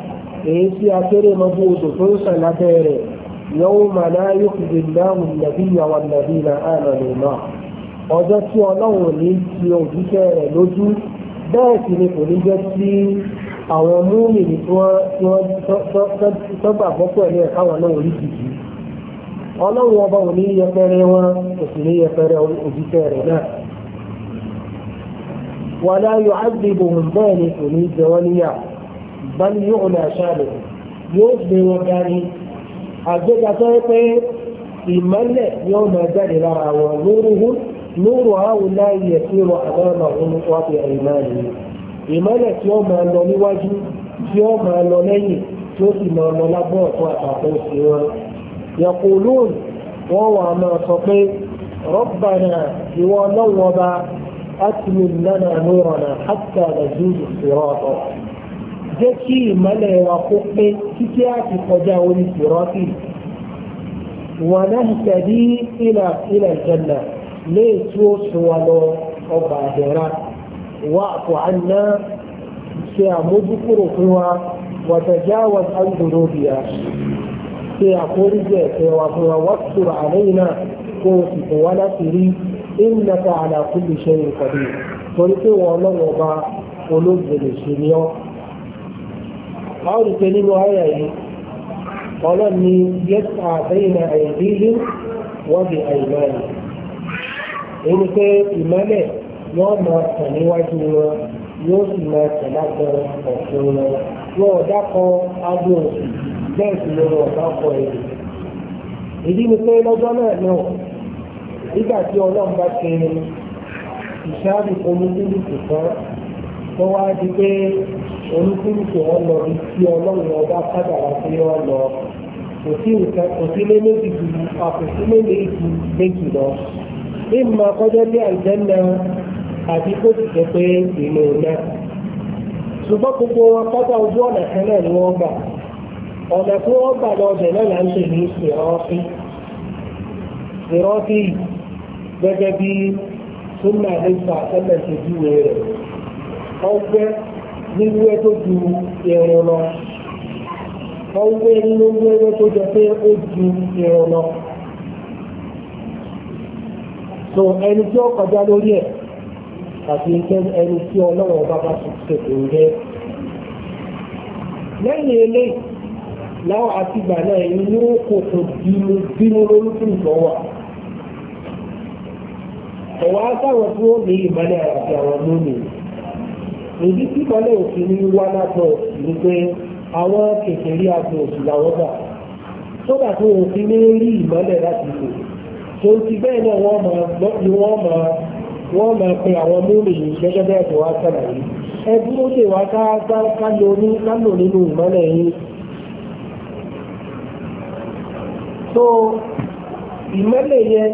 èyí tí akéré mọ́jú odò tó ń sàn lábẹ́ rẹ̀ yawma la yukhzi Allahu an-nabiyya wal-ladhina amanu náà ọjọ́ tí ọlọ́run ní ti òjíṣẹ́ rẹ̀ lójú bẹ́ẹ̀ sì ni kò ní jẹ́ sí àwọn múmi ní tí wọ́n tọ́gbàgbọ́ pẹ̀lú ẹ̀ káwọn náà orí kìkì ọlọ́run ọba ò ní yẹpẹrẹ wọn kò sì ní yẹpẹrẹ òjíṣẹ́ rẹ̀ náà wala yu'adhibuhum bẹ́ẹ̀ ni kò ní jẹ wọ́n níyà bá ní yóò ní àṣà rẹ̀ yóò gbé wọn dání àgbéga tó yẹ pé ìmọ́lẹ̀ yóò máa jáde lára wọn lóru hù lóru àwọn láì yẹ sí wọn àdáàmà òun wá fi àìmá rẹ̀ ìmọ́lẹ̀ tí ó máa lọ níwájú tí ó máa lọ lẹ́yìn tí ó sì máa lọ lábọ́ ọ̀tún àtàkùn sí wọn yaqulun wọ́n wà máa sọ pé rọ́bànà ìwọ ọlọ́wọ́ bá أتمم لنا نورنا حتى نزول الصراط jẹ́ kí ìmọ́lẹ̀ wa kó pé títí àti kọjá orí sìrọ́tì wà náà tẹ̀lé ìlà ìlà ìjọba lè tú oṣù wa lọ ọba àdẹ̀rà wà àpò àná ṣe àmójúkúrò fún wa wàtàjáwà àǹdòrò bìyà ṣe àforíjì ẹ̀ṣẹ̀ wa fún wa wàtúrò àlẹ́yìn náà kó o sì fún wa láti rí ìnàkà àlàkùn ìṣe ìkọ̀dé torí pé wọn lọ́wọ́ bá olóògbé lè ṣe ní ọ́ a ó rí pé nínú ayé yìí ọlọ́run ni yẹ́sì àbẹ́yìn àìdílé wọ́n di àìmáyà èyí pé ìmọ́lẹ̀ yóò máa tàn níwájú wọn yóò sì máa tàn lágbára ọ̀sùn wọn wọn ò dákọ̀ aago òsì bẹ́ẹ̀ sì ni wọn ò dákọ̀ èdè ìdí ni pé lọ́jọ́ náà náà nígbà tí ọlọ́run bá ṣe ìṣáàbì omi nílùú kìkan tó wá di pé oníkúrúkú wọn lọ bí tí ọlọ́run ọba kádàrá pé wọ́n lọ kò sí nǹkan kò sí lé méjì ju àkòsí lé méjì méjì lọ ní ìmọ̀ akọ́jọ́ ní na àti kó sì jẹ́ pé ìlú ọ̀nà ṣùgbọ́n gbogbo wọn ojú ọ̀nà kan náà ni wọ́n gbà ọ̀nà tí wọ́n gbà lọ náà là ń ní gẹ́gẹ́ bí e tó ju irun lọ wọ́n wé nínú tó jẹ pé ó ju irun lọ so ẹni tí ó kọjá lórí ẹ̀ àti ẹni tí ọlọ́run ọba bá ti ṣètò lẹ́yìn eléyìí láwọn àtìgbà náà inú kòkò bínú lórúkú ìtọ́ á sáwọn tí ìdí tí kọ́lé òsì ní wá lágbọ̀n òsì pé àwọn kékeré agbọ̀n òsì làwọn gbà sódà tó o fi ní rí ìmọ́lẹ̀ láti lò tó ti bẹ́ẹ̀ náà wọ́n máa lọ́ọ̀dì wọ́n máa wọ́n máa pe àwọn múlò gẹ́gẹ́ bẹ́ẹ̀ tó wá sàlàyé wá ká lò nínú ìmọ́lẹ̀ tó ìmọ́lẹ̀ yẹn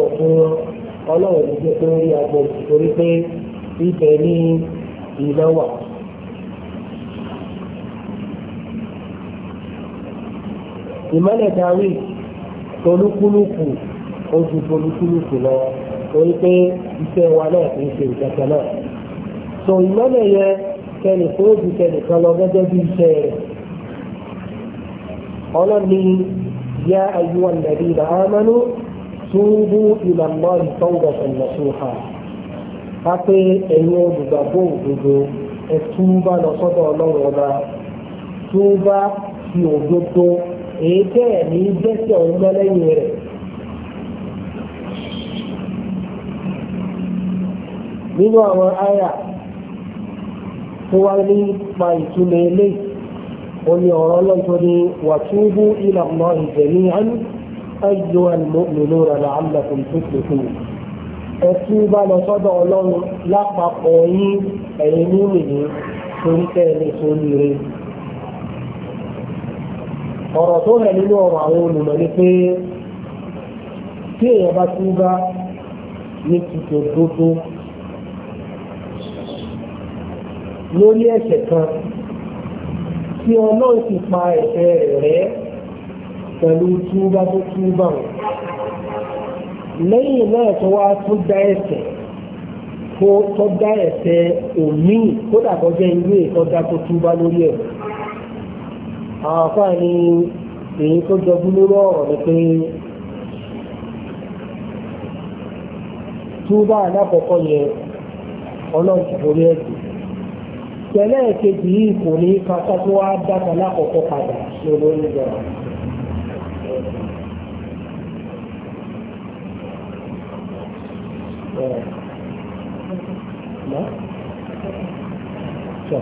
òun ọlọ́run ló pé agbo torí pé ibẹ̀ ní iná wà. ìmọ̀lẹ̀ darí tolúkúlùkù ojú tolúkúlùkù lọ torí pé iṣẹ́ wa náà kì í ṣe ìjọba náà. sọ ìmọ̀lẹ̀ yẹn kẹnìkan ó ju kẹnìkan lọ gẹ́gẹ́ bí iṣẹ́ rẹ̀. yá túbú ila Allah tawbatan nasuha a pé ẹ̀yin olùgbàgbọ́ òdodo ẹ túbá lọ sọ́dọ̀ ọlọ́run ọba túbá fi òdodo èyí tẹ́ ẹ̀ ní gbẹ́sẹ̀ ọ̀hún lọ́lẹ́yìn rẹ̀. nínú àwọn àyà tó wá ní pa ìtumọ̀ eléyìí ó ní ọ̀rọ̀ ọlọ́jọ́ ni wàtúbú ila Allah jami'an. أيها المؤمنون لعلكم تفلحون ẹtú bá lọ sọ́dọ̀ Ọlọ́run lápapọ̀ yín ẹ̀yin mímìlì torí kẹrin sóríire ọ̀rọ̀ tó rẹ̀ nínú ọ̀rọ̀ àwọn olùmọ̀ ni pé tí èèyàn bá tún bá ní tuntun dúdú lórí ẹ̀ṣẹ̀ kan tí Ọlọ́run ti pa ẹ̀ṣẹ̀ rẹ̀ rẹ́ pẹ̀lú túbá tó túbá wọn lẹ́yìn náà tó wá tó dá ẹ̀ṣẹ̀ kó tó dá ẹ̀ṣẹ̀ òní kódà tó jẹ́ irú ìtọ́já tó túbá lórí ẹ̀ àwọn àfáàní èyí tó jọjú lórí ọ̀rọ̀ ni pé túbá alákọ̀ọ́kọ́ yẹn ọlọ́run ti borí ẹ̀sìn tẹ̀lé ẹ̀kejì yìí kò ní kápá tó wá dáta lákọ̀ọ́kọ́ padà lórí ìjọba. ما sọ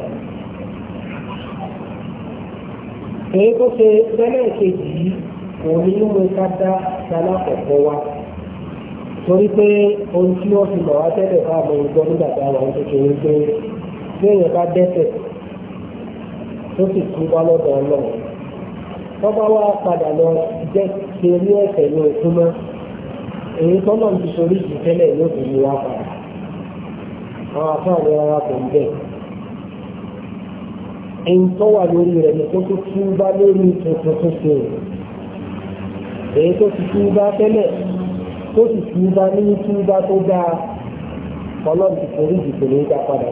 èyí tó ṣe tẹ́lẹ̀ kejì yìí òun wa torí pé ohun tí wọ́n fi mọ̀ wá tẹ́lẹ̀ bá àmọ́ ìgbọ́ nígbà tá a wà kékeré pé léèyàn bá dẹ́ṣẹ̀ tó sì wá lọ́dọ̀ ọlọ́run padà lọ jẹ́ ṣe ní èyí tó náà ti sori jù tẹ́lẹ̀ yóò fi yí wá padà àwọn afáàní ara kò ń bẹ̀. èyí tó wà lórí rẹ̀ ní kó tó tún bá lórí tuntun tó ṣe èyí tó ti tún bá tẹ́lẹ̀ tó sì tún bá ní tún bá tó dáa ọlọ́run ti sori jù tẹ́lẹ̀ yóò dá padà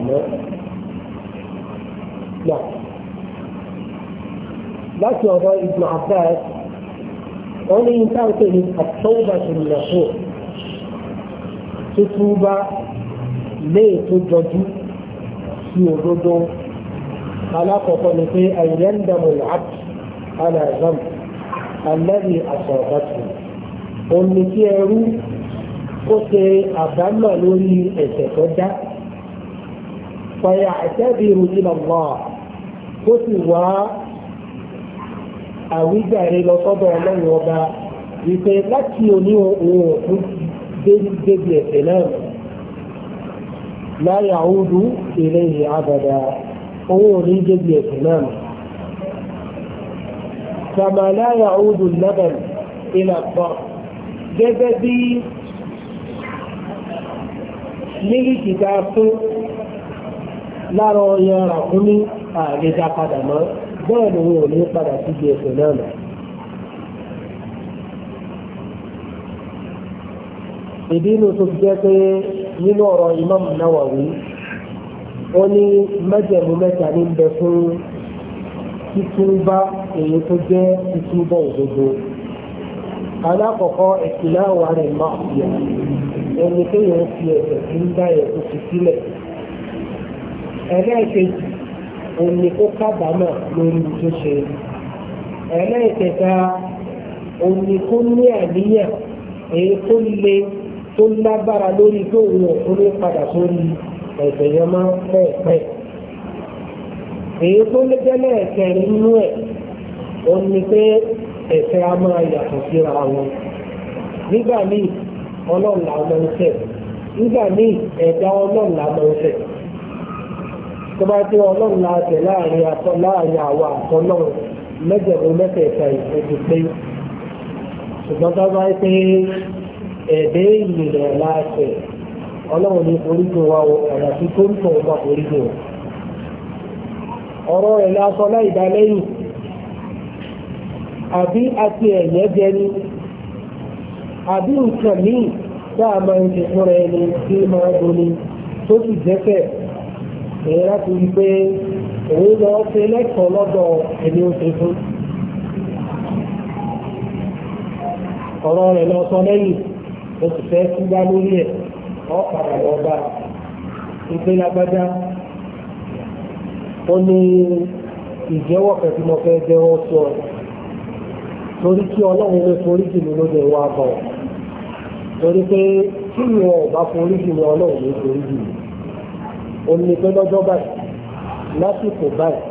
wọ́n ní nǹkan pè ní àtọ́wọ́bà ìrìnàṣọ́ tuntun bá léè tó jọjú sí òdodo alákọ̀ọ́kọ́ ni pé àìrẹ́ndàmù àti alàzam alẹ́rì àsọ̀bàtì omi tí ẹrú ó ṣe àbámọ̀ lórí ẹ̀ṣẹ̀ tó dá fàyà àtẹ́bìrù ìlànà kó sì wá àwíjàre lọ sọ́dọ̀ ọlọ́run ọba wípé láti òní òun òkú débi ẹ̀sẹ̀ náà lọ láyà òdu ilé ìyè àbàdà òun òní débi ẹ̀sẹ̀ náà lọ. kàmà láyà òdu laban ilà pọ̀ gẹ́gẹ́ bí mílíkì tá a fún lára ọyàn ràkúnmí àgbẹ̀dá padà mọ́ bẹ́ẹ̀ ni wọn ò ní padà síbi ẹ̀sẹ̀ náà nà. ìdí inú tó jẹ́ pé nínú ọ̀rọ̀ Imam Nawawi ó ní májẹ̀mú mẹ́ta ní bẹ fún títúbá èyí tó jẹ́ títúbá òdodo alákọ̀ọ́kọ́ ìpìlẹ̀ àwọn ará ìmọ̀ àfihà ẹni kéèyàn fi ẹ̀sẹ̀ tí ń dá ẹ̀ tó fi sílẹ̀ ẹlẹ́ẹ̀kejì òun ni kó kábàámọ̀ lórí tó ṣe ẹlẹ́ẹ̀kẹta òun ni kó ní àníyàn èyí tó le tó lágbára lórí tó òun òfin ní padà sórí ẹ̀sẹ̀ yẹn máa ń pẹ́ẹ̀pẹ́ èyí tó lé jẹ́lẹ̀ ẹ̀sẹ̀ nínú ẹ̀ òun ni pé ẹ̀sẹ̀ a máa yàtọ̀ síra wọn nígbà míì ọlọ́run làwọn ń tẹ̀ nígbà míì ẹ̀dá ọlọ́run làwọn ń tẹ̀ tó bá dé ọlọ́run la tẹ̀ láàrin àtọ́ láàrin àwa àtọ́ náà mẹ́jẹ̀rún mẹ́tẹ̀ẹ̀ta ìṣẹ́jú pé ṣùgbọ́n tó bá pé ẹ̀dẹ́ ìrìnà láàṣẹ ọlọ́run ní orígun wa o ọ̀nà tí tó ń tọ̀ ọba orígun ọ̀rọ̀ ẹ̀ lásọ láì dá lẹ́yìn àbí àti ẹ̀yẹ́ jẹni àbí nǹkan míì tá a máa ń ṣe fúnra ẹni tí máa ń doni tó sì jẹ́ fẹ́ẹ́ ẹ̀yẹ láti rí pé òun lọ ṣe lẹ́kọ̀ọ́ lọ́dọ̀ ẹni ó ṣe fún ọ̀rọ̀ rẹ̀ lọ sọ lẹ́yìn ó sì lórí ẹ̀ ọ́ padà lọ lágbájá ó ní ìjẹ́wọ́ pẹ̀lú jẹ́wọ́ torí kí ọlọ́run lè omi pé lọ́jọ́ báyìí lásìkò báyìí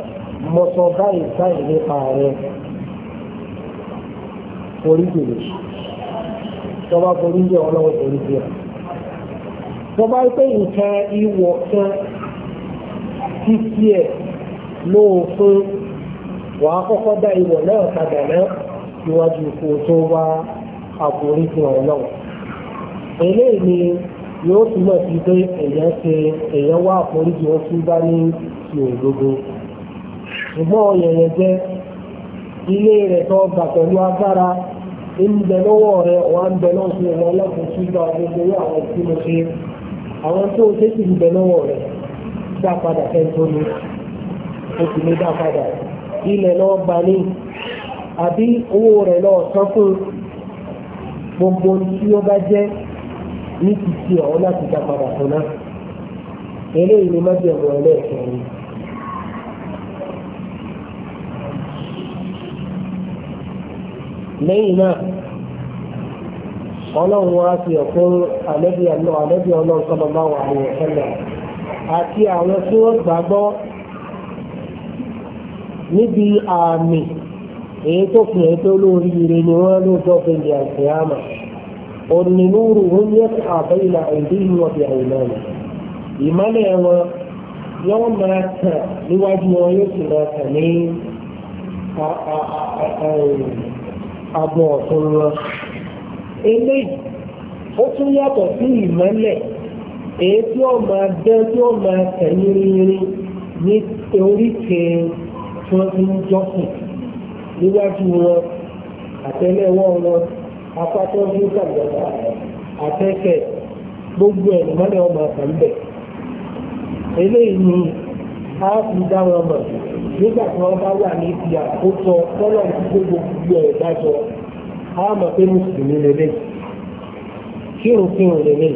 mo sọ báyìí báyìí nípa rẹ oríjìlè tọ́ba forí jẹ́ ọlọ́wọ́ forí jẹ́ tọ́ba pé nǹkan ìwọ̀ kan títí ẹ̀ lóòfin wàá kọ́kọ́ dá ìwọ̀ náà padà náà síwájú kó tó wá àforíjì ọlọ́wọ́ eléyìí ni. yóò túmọ̀ sí pé èèyàn ṣe èèyàn wá àforíjì wọn tún bá ní ti òdodo ṣùgbọ́n ọ̀yẹ̀yẹ jẹ́ ilé rẹ̀ tó gbà pẹ̀lú agbára ń lọ́wọ́ rẹ̀ wà ń bẹ lọ́wọ́ sí ẹ̀rọ ọlọ́kùn tún bá gbogbo owó àwọn tí mo ṣe àwọn tó ṣe sì ń bẹ lọ́wọ́ rẹ̀ dá padà ni o sì ní dá padà ilẹ̀ lọ́ọ́ gba ní àbí owó rẹ̀ lọ́ọ̀ sọ fún gbogbo tí ó bá jẹ́ ní ti ti ọ̀ láti dá ni májèmú ẹlẹ́ẹ̀kẹrin. lẹ́yìn náà ọlọ́run wa fi ọ̀pọ̀ àlẹ́bí àlẹ́bí ọlọ́run sọ́dọ̀ bá wà ní ẹ̀fẹ́lẹ̀ àti àwọn tí wọ́n gbàgbọ́ níbi àmì èyí tó eto hàn pé olóríire òun ni lóru wọn yẹ àbẹ́ ìlà òde ìlú ọ̀bẹ àìlọ́ọ̀nà ìmọ̀lẹ̀ wọn yóò máa tàn níwájú wọn yóò sì máa tàn ní àbọ̀ ọ̀tún wọn. eléyìí ó tún yàtọ̀ sí ìmọ̀lẹ̀ èyí tí apátọ́ ní sàgbàgbà àtẹ́kẹ̀ gbogbo ẹ̀ mọ́lẹ̀ ọmọ àtàlùbẹ̀. eléyìí ni a fi dá wọn mọ̀ nígbà tí wọ́n bá wà ní ti àkóso tọ́lọ̀ tí gbogbo ẹ̀ dájọ́ a mọ̀ pé mùsùlùmí lélẹ̀ kírùnkírùn lélẹ̀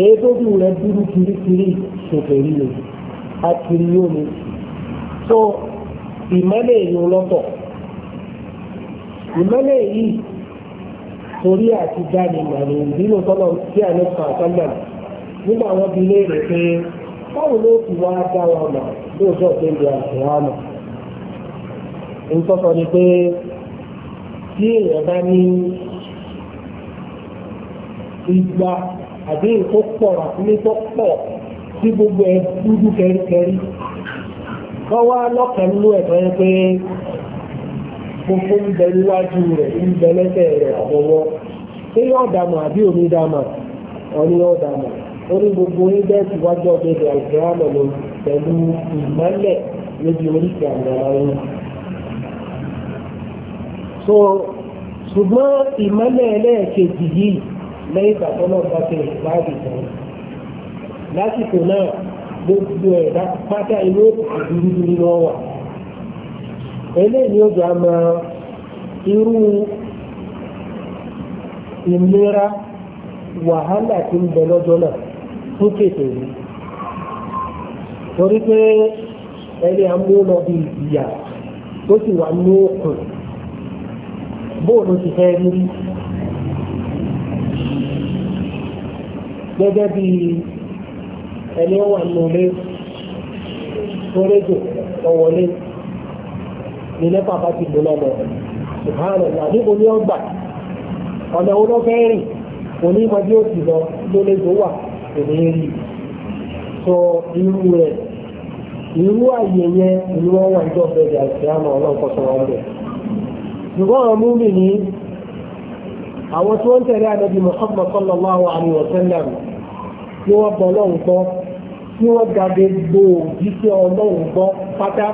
èyí tó dùn rẹ̀ dúró kirikiri ṣètò rí ni àtìrí yóò ní. so yìí lọ́tọ̀ ìmọ́lẹ̀ yìí torí àti jáde ìlànà ìbínú tọ́lọ̀ sí àlẹ́kọ̀ọ́ àtọ́gbà nígbà wọn bi léèrè pé báwo ló ti wá dá wọn mọ̀ lóòótọ́ tó ń di àtìwámọ̀. nǹkan ni pé tí èèyàn bá ní ìgbà àbí èkó pọ̀ àtúndé tó pọ̀ tí gbogbo ẹ dúdú kẹríkẹrí. wọ́n wá lọ́kàn nínú ẹ̀fọ́ yẹn pé gbogbo ń bẹ níwájú rẹ̀ ń bẹ lẹ́sẹ̀ rẹ̀ àbọ̀wọ́ ṣé yóò dàmà àbí òní dàmà ọ̀ní yóò dàmà ó ní gbogbo ní bẹ́ẹ̀ wájú lọ pẹ̀lú ìmọ́lẹ̀ lójú oríṣi àgbàlá wọn. so ṣùgbọ́n ìmọ́lẹ̀ ẹlẹ́ẹ̀kejì yìí lẹ́yìn ìgbàgbọ́nà bá ti láàbì tán lásìkò náà gbogbo ẹ̀dá pátá ilé òkùnkùn dúdú eléyìí ó jẹ́ àmọ́ irú ìlera wàhálà tí ń bẹ lọ́jọ́ náà fún kètè yìí torí pé ẹni àmúlò bí ìyà tó sì wà ní òkun bóòlù ti fẹ́ rí gẹ́gẹ́ bí ẹni wà nílé tó rédò ọ̀wọ́lé ní lẹ́fà bá ti lò lọ́nà ṣùgbọ́n àbí kò ní ọgbà ọ̀nà wo ló fẹ́ rìn kò ní mọ bí ó ti lọ ló lè tó wà kò ní rí sọ irú rẹ̀ irú àyè yẹn ìlú wọn wà níjọ àti àmọ́ ọlọ́pàá sọ wọn bẹ ṣùgbọ́n àwọn múmi ní àwọn tí wọ́n tẹ̀lé àdàbí Muhammad sallallahu alaihi wa sallam tí wọ́n bọ̀ lọ́hùn gbọ́ tí wọ́n ga gbogbo òjíṣẹ́ ọlọ́hùn gbọ́ pátá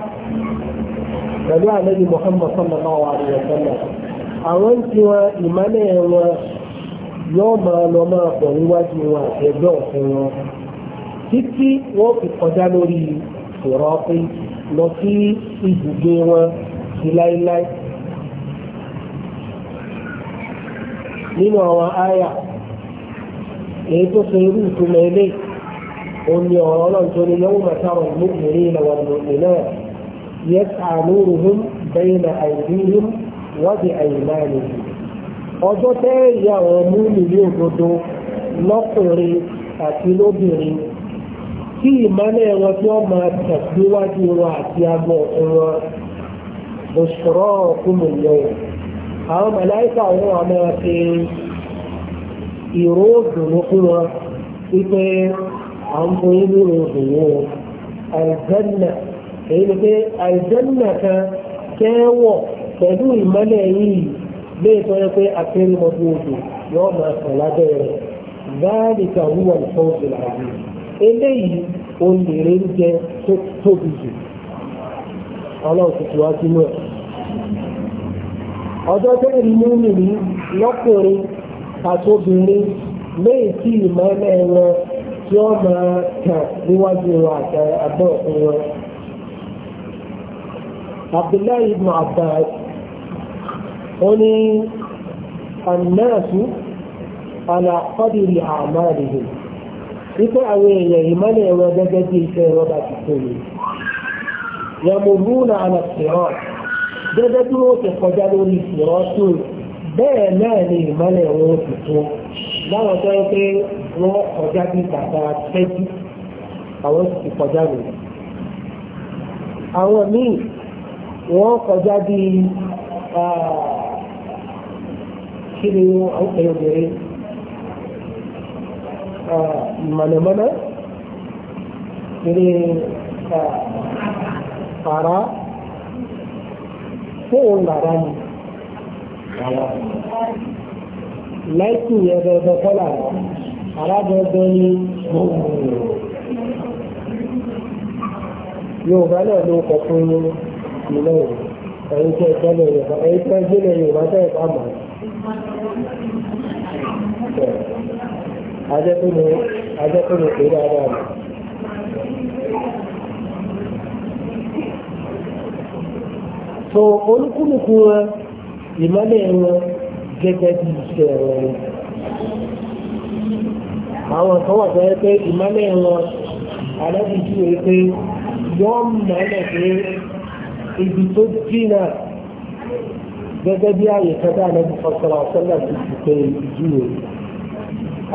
pẹ̀lú àlẹ́bí Muhammad sallallahu alaihi wa sallam àwọn tí wọn ìmọ̀lẹ̀ wọn yóò máa lọ máa pọ̀ níwájú wọn àtẹ̀gbẹ́ ọ̀fẹ́ wọn títí wọ́n fi kọjá lórí ìrọ́pé lọ sí ibùgbé wọn sí láíláí. nínú àwọn àyà èyí tó ṣe irú ìtumọ̀ ilé ọ̀rọ̀ ọlọ́run tó ní يسعى نورهم بين أيديهم وبأيمانهم ọjọ́ tẹ́ ìyá àwọn múmi ní òdodo lọ́kùnrin àti lóbìnrin tí ìmọ́lẹ̀ wọn tí wọ́n máa tẹ̀síwájú wọn àti agbọ̀ ọ̀tún wọn bùsùrọ̀ ọ̀kúnmùyọ̀ àwọn màláìkà wọn a máa ṣe ìró òdùnnú fún wọn wípé à ń fún yín ní ẹ̀jẹ̀ náà èyí ni pé àìjẹ́nà kan kẹ́wọ̀ pẹ̀lú ìmọ́lẹ̀ yìí lè sọ pé akérèmọdé odò yóò máa sàn lábẹ́ rẹ̀ báàlì kàwúwà ìfọ́nsì làbí eléyìí olèrè ń jẹ tó tóbi jù ọlọ́run ti tù wá sínú ẹ̀. ọjọ́ tẹ́lẹ̀ mú mi rí lọ́kùnrin àtòbìnrin léyìí tí ìmọ́lẹ̀ wọn tí máa tàn níwájú wọn àti àbọ̀ òkun wọn abdullahi ibn abbas ó ní annasu ala qadri a'malihim wípé àwọn èèyàn ìmọ́lẹ̀ ẹ̀rọ gẹ́gẹ́ bí iṣẹ́ ẹ̀rọ bá ti tó ni yamuruna ala sirat gẹ́gẹ́ bí wọ́n ti kọjá lórí sirat tó bẹ́ẹ̀ náà ni ìmọ́lẹ̀ ẹ̀rọ ti tó láwọn tó ń pé wọ́n kọjá bí bàbá tẹ́jú àwọn ti kọjá lórí àwọn míì wọ́n kọjá bí kí ni wọ́n pè obìnrin mọ̀nàmọ́ná kí ni àrá fún òun làrá ni láìsí yẹn bẹ́ẹ̀ kọ́là alábẹ́ẹ̀bẹ́ ní gbogbo Yorùbá náà ló kọ̀ fún yín sí náà ẹ̀yin tẹ́ ìtọ́lẹ̀ yorùbá ẹ̀yin tẹ́ ìgbélẹ̀ yorùbá tẹ́ ìpá mọ̀. ajẹ́pẹ́nu ajẹ́pẹ́nu pé dáadáa rẹ̀. so olúkúlùkù wọn ìmọ́lẹ̀ wọn gẹ́gẹ́ bí iṣẹ́ wọn àwọn kan wà tó yẹ pé ìmọ́lẹ̀ wọn alábìjú rẹ̀ pé yọ́n mọ́lẹ̀ pé ibi tó jìnnà gẹ́gẹ́ bí ààyè kẹta àlẹ́bí fọ́sọ́rọ̀ ọ̀sọ́lá ti ti pé ìjúwe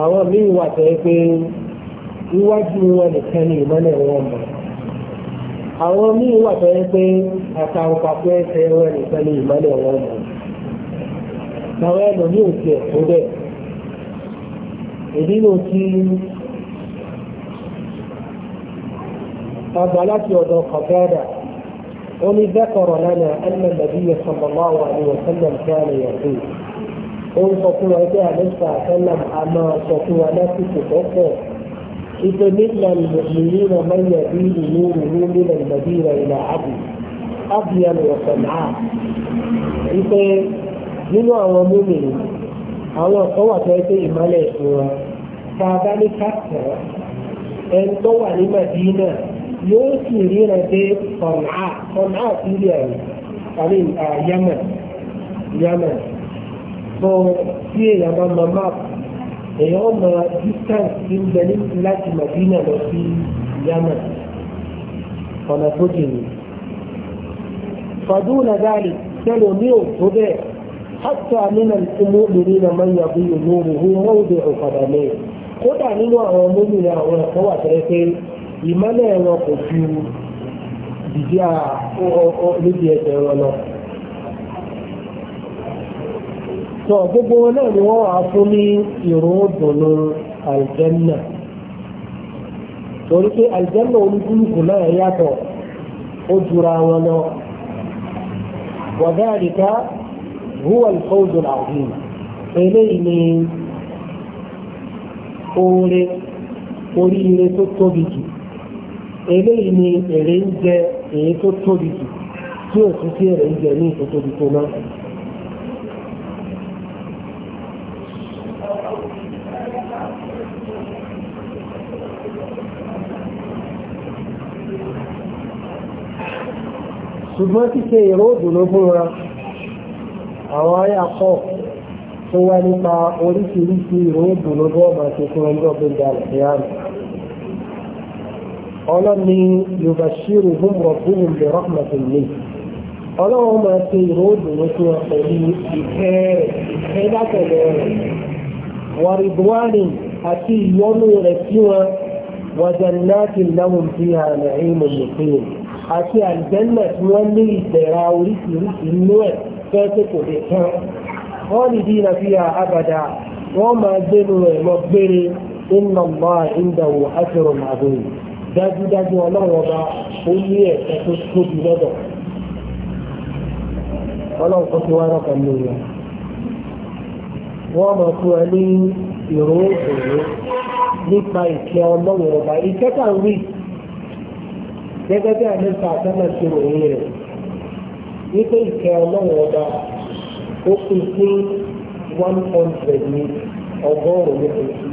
àwọn míì wà tẹ́ pé iwájú wọn nìkan ni ìmọ́lẹ̀ wọn mọ̀ àwọn míì wà tẹ́ pé àtàwọn ẹsẹ̀ wọn nìkan ni ìmọ́lẹ̀ wọn mọ̀ àwọn ẹlòmíì ò tiẹ̀ tó bẹ́ẹ̀ èdè ló ti ọgbà láti ọ̀dọ̀ kọ̀kẹ́dà. ومن ذكر لنا أن النبي صلى الله عليه وسلم كان يقول قل فقوة جاء نفسه سلم أما فقوة نفسه فقوة إذا مثل المؤمنين من يبيد نوره من المدينة إلى عدن أبين وسمعاء إذا nínú àwọn múmìnì àwọn ọ̀kan wà tó ẹ pé ìmọ̀lẹ̀ ìṣúra tá a bá ní káàkiri ẹni tó wà ní màdínà yóò sì ríran dé Sànà Sànà Syria tàbí Yemen Yemen so tí èèyàn bá mọ map èèyàn mọ distance tí ń bẹ ní láti Madina lọ sí Yemen ọ̀nà tó jìnnì. فدون ذلك كانوا ليرتدع حتى من المؤمنين من يضيء نوره موضع قدميه kódà nínú àwọn olómìnira àwọn ẹ̀kọ́ wà tẹ́lẹ̀ ìmọ́lẹ̀ wọn kò fi dìde níbi ẹ̀jẹ̀ wọn lọ. sọ gbogbo wọn náà ni wọ́n wà fún ní ìrún dùnú àlùjẹ́nà torí pé àlùjẹ́nà oníkúlùkù náà yàtọ̀ ó jura wọn lọ. وذلك هو الفوز العظيم إليه أولي oríire tó tóbi jù eléyìí ni èrè ń jẹ èyí tó tóbi jù tí ò tún sí èrè ń jẹ ní ìtò tóbi tó náà. ṣùgbọ́n ṣíṣe èrò òdùnú fún wa àwọn ayà pọ̀ tó wá nípa oríṣiríṣi èrò òdùnú bọ́ọ̀mà ṣe fún ọjọ́ gbẹ̀dẹ̀ àlùfẹ́ àrùn ọlọ́ni yubashiru hum rabbuhum bi rahmatin min ọlọ́run máa ṣe ìró òdòdó fún wọn pẹ̀lú ìfẹ́ rẹ̀ ìfẹ́ látọ̀dọ̀ rẹ̀ wàrìbùwárì àti ìyọ́nú rẹ̀ sí wọn wàjàndáàtì lahum fiha na'imun muqim àti àlùjẹ́nà tí wọ́n ní ìbẹ̀rà oríṣiríṣi inú ẹ̀ fẹ́ pé kò lè tán wọ́n ní bí nàfíà abàdà wọ́n máa gbénu rẹ̀ lọ gbére inna Allah indahu ajrun adhim dájúdájú ọlọ́run ọba ó ní ẹ̀sẹ̀ tó tóbi lọ́dọ̀ ọlọ́run tó ti wá rọ̀kàn ní ìyá wọ́n mọ̀ fún ẹ ní ìró òṣèré nípa ìkẹ́ ọlọ́run ọba ìkẹ́ta ń wí gẹ́gẹ́ bí àlẹ́fà àtẹ́lẹ̀ ṣe ròyìn rẹ̀ wípé ìkẹ́ ọlọ́run ọba ó pín sí one hundred ní ọgọ́rùn-ún ní oṣù.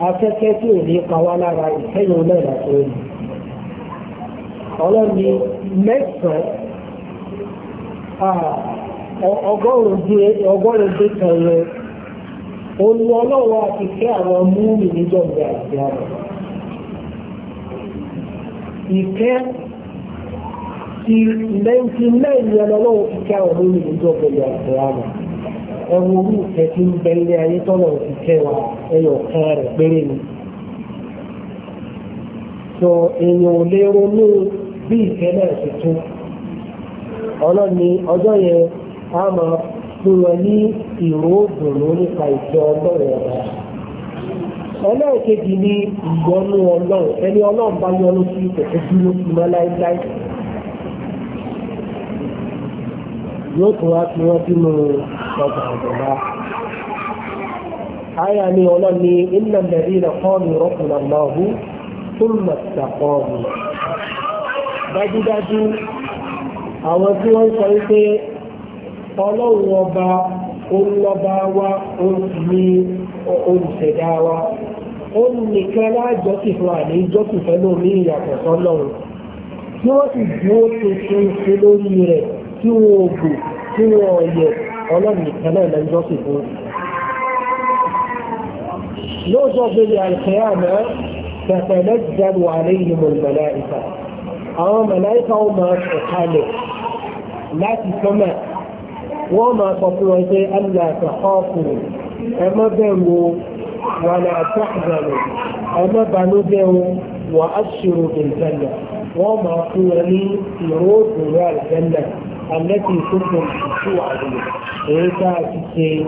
afẹ́fẹ́ tí ò ní pa wá lára ìfẹ́yìn lẹ́la tó yìí ọlọ́ni mẹ́sàn-án ọgọ́rùn-ún dé kan lọ olú ọlọ́wọ́ àti fẹ́ àwọn ẹwọ orí ìfẹ́ tí ń bẹ́lẹ̀ ayé tọ́lọ̀ ti kẹwàá ẹyọ kan rẹ̀ péré ni. sọ èèyàn ò lè ronú bí ìfẹ́ náà ti tó ọlọ́ni ọjọ́ yẹn a máa fún wọn ní ìró òdòdó nípa ìfẹ́ ọlọ́run ọ̀la ẹlẹ́ẹ̀kejì ni ìyọnu ọlọ́run ẹni ọlọ́run bá yọnu sí ìfẹ́ sí mọ́ láéláé. yóò tún wá tí wọ́n sínú ọgbà ọ̀dọ̀lá. Àyà ni ọlọ́run ní iná lẹ́rí rẹ̀ kọ́ọ̀lù rọ́pùnà lọ́hùn tó mọ̀tà kọ́ọ̀lù. Dájúdájú àwọn tí wọ́n sọ wípé ọlọ́run ọba olùlọ́ba wa ní olùṣẹ̀dá wa ó nìkan láàjọ́sì fún àní ìjọ́sì fẹ́ lómi ìyàtọ̀ sọ́lọ́run tí wọ́n sì dúró tuntun sí lórí rẹ̀ tí wọn ò bù tí wọn ò yẹ ọlọ́run nìkan náà lẹ́jọ́ sì fún un. lóòótọ́ gbélé àìsàn àná tẹ̀tẹ̀ lẹ́jọ́ wà lẹ́yìn mọ̀lẹ́lá ìta àwọn mọ̀láìka ó máa sọ̀ kalẹ̀ láti sọ́mà wọ́n máa sọ fún wọn pé allah ta ẹ má bẹ̀rù o wà ní àtàkùnrin ẹ má banújẹ́ o wà á ṣòro ìjẹ̀lẹ̀ wọ́n máa fún wọn ní ìró òdòdó àlùjẹ́lẹ̀. التي كنتم تشوع عليها ويكا تشي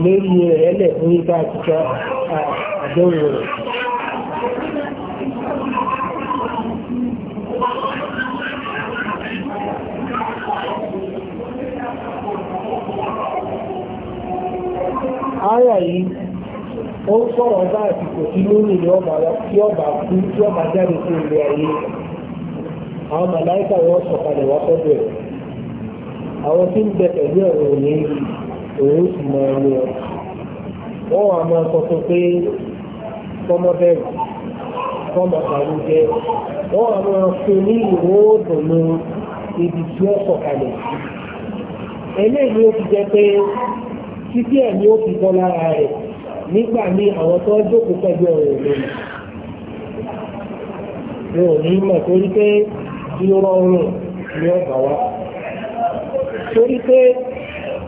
إليه يلي ويكا تشي أدور Ara yìí, ó sọ̀rọ̀ bá àsìkò tí lórí ìlú ọba tí ọba kú tí ọba jáde sí ilé ayé àwọn màláìkà wọn sọ̀kalẹ̀ wá pẹ̀lú ẹ̀ àwọn tí ń bẹ pẹ̀lú ẹ̀ òun ní òun sì mọ ẹni ẹ̀ wọ́n wà máa sọ fún pé kọ́mọ bẹ̀rù kọ́mọ kàrú jẹ́ wọ́n wà máa fún ní ìwé òdòdó ibi tí ó sọ̀kalẹ̀ sí eléyìí ó ti jẹ́ pé títí ẹ̀ ni ó fi bọ́ lára rẹ̀ nígbà ní àwọn tó ń jókòó pẹ̀lú ọ̀rọ̀ òun ní ò ní mọ̀ torí pé ìrọ̀rùn ni ọgbà wa torí pé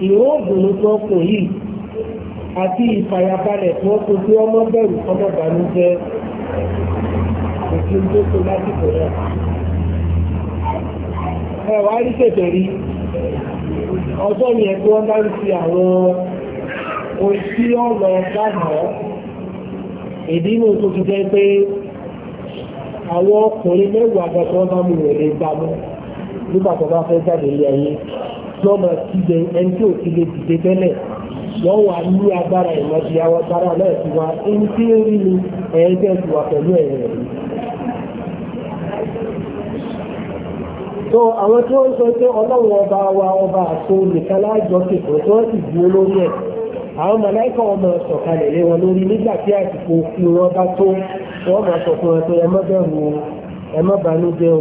ìwọ́n òdùnnú tó kùn yìí àti ìfàyàbalẹ̀ tó wọ́n ọmọ bẹ̀rù ọmọ ìbànújẹ́ òfin tó so lásìkò rẹ̀. ẹ rí tètè rí ọjọ́ ni ẹ̀ tí wọ́n bá ń fi àwọn oṣù èdè inú àwọn ọkùnrin mẹ́wàá gbàgbọ́ bá mú rẹ̀ lè gbà mọ́ nígbà tó bá fẹ́ jáde ilé ayé yọ máa ti dẹ ẹni tí ò ti lè dìde tẹ́lẹ̀ wọ́n wà ní agbára ìmọ̀dí àwọn sára náà ti wá ẹni tí ó rí ni ẹ̀ẹ́dẹ́ ti wà pẹ̀lú ẹ̀rẹ̀ rẹ̀. tó àwọn tí wọ́n sọ pé ọlọ́run ọba wa ọba àtò nìkan láàjọ kìkọ̀ tí wọ́n sì dúró lórí ẹ̀ àwọn màláìkà ọmọ sọ̀kalẹ̀ lé wọn lórí nígbà tí àsìkò òfin wọn bá tó wọ́n máa sọ fún ẹ pé ẹ má bẹ̀rù o ẹ má banújẹ́ o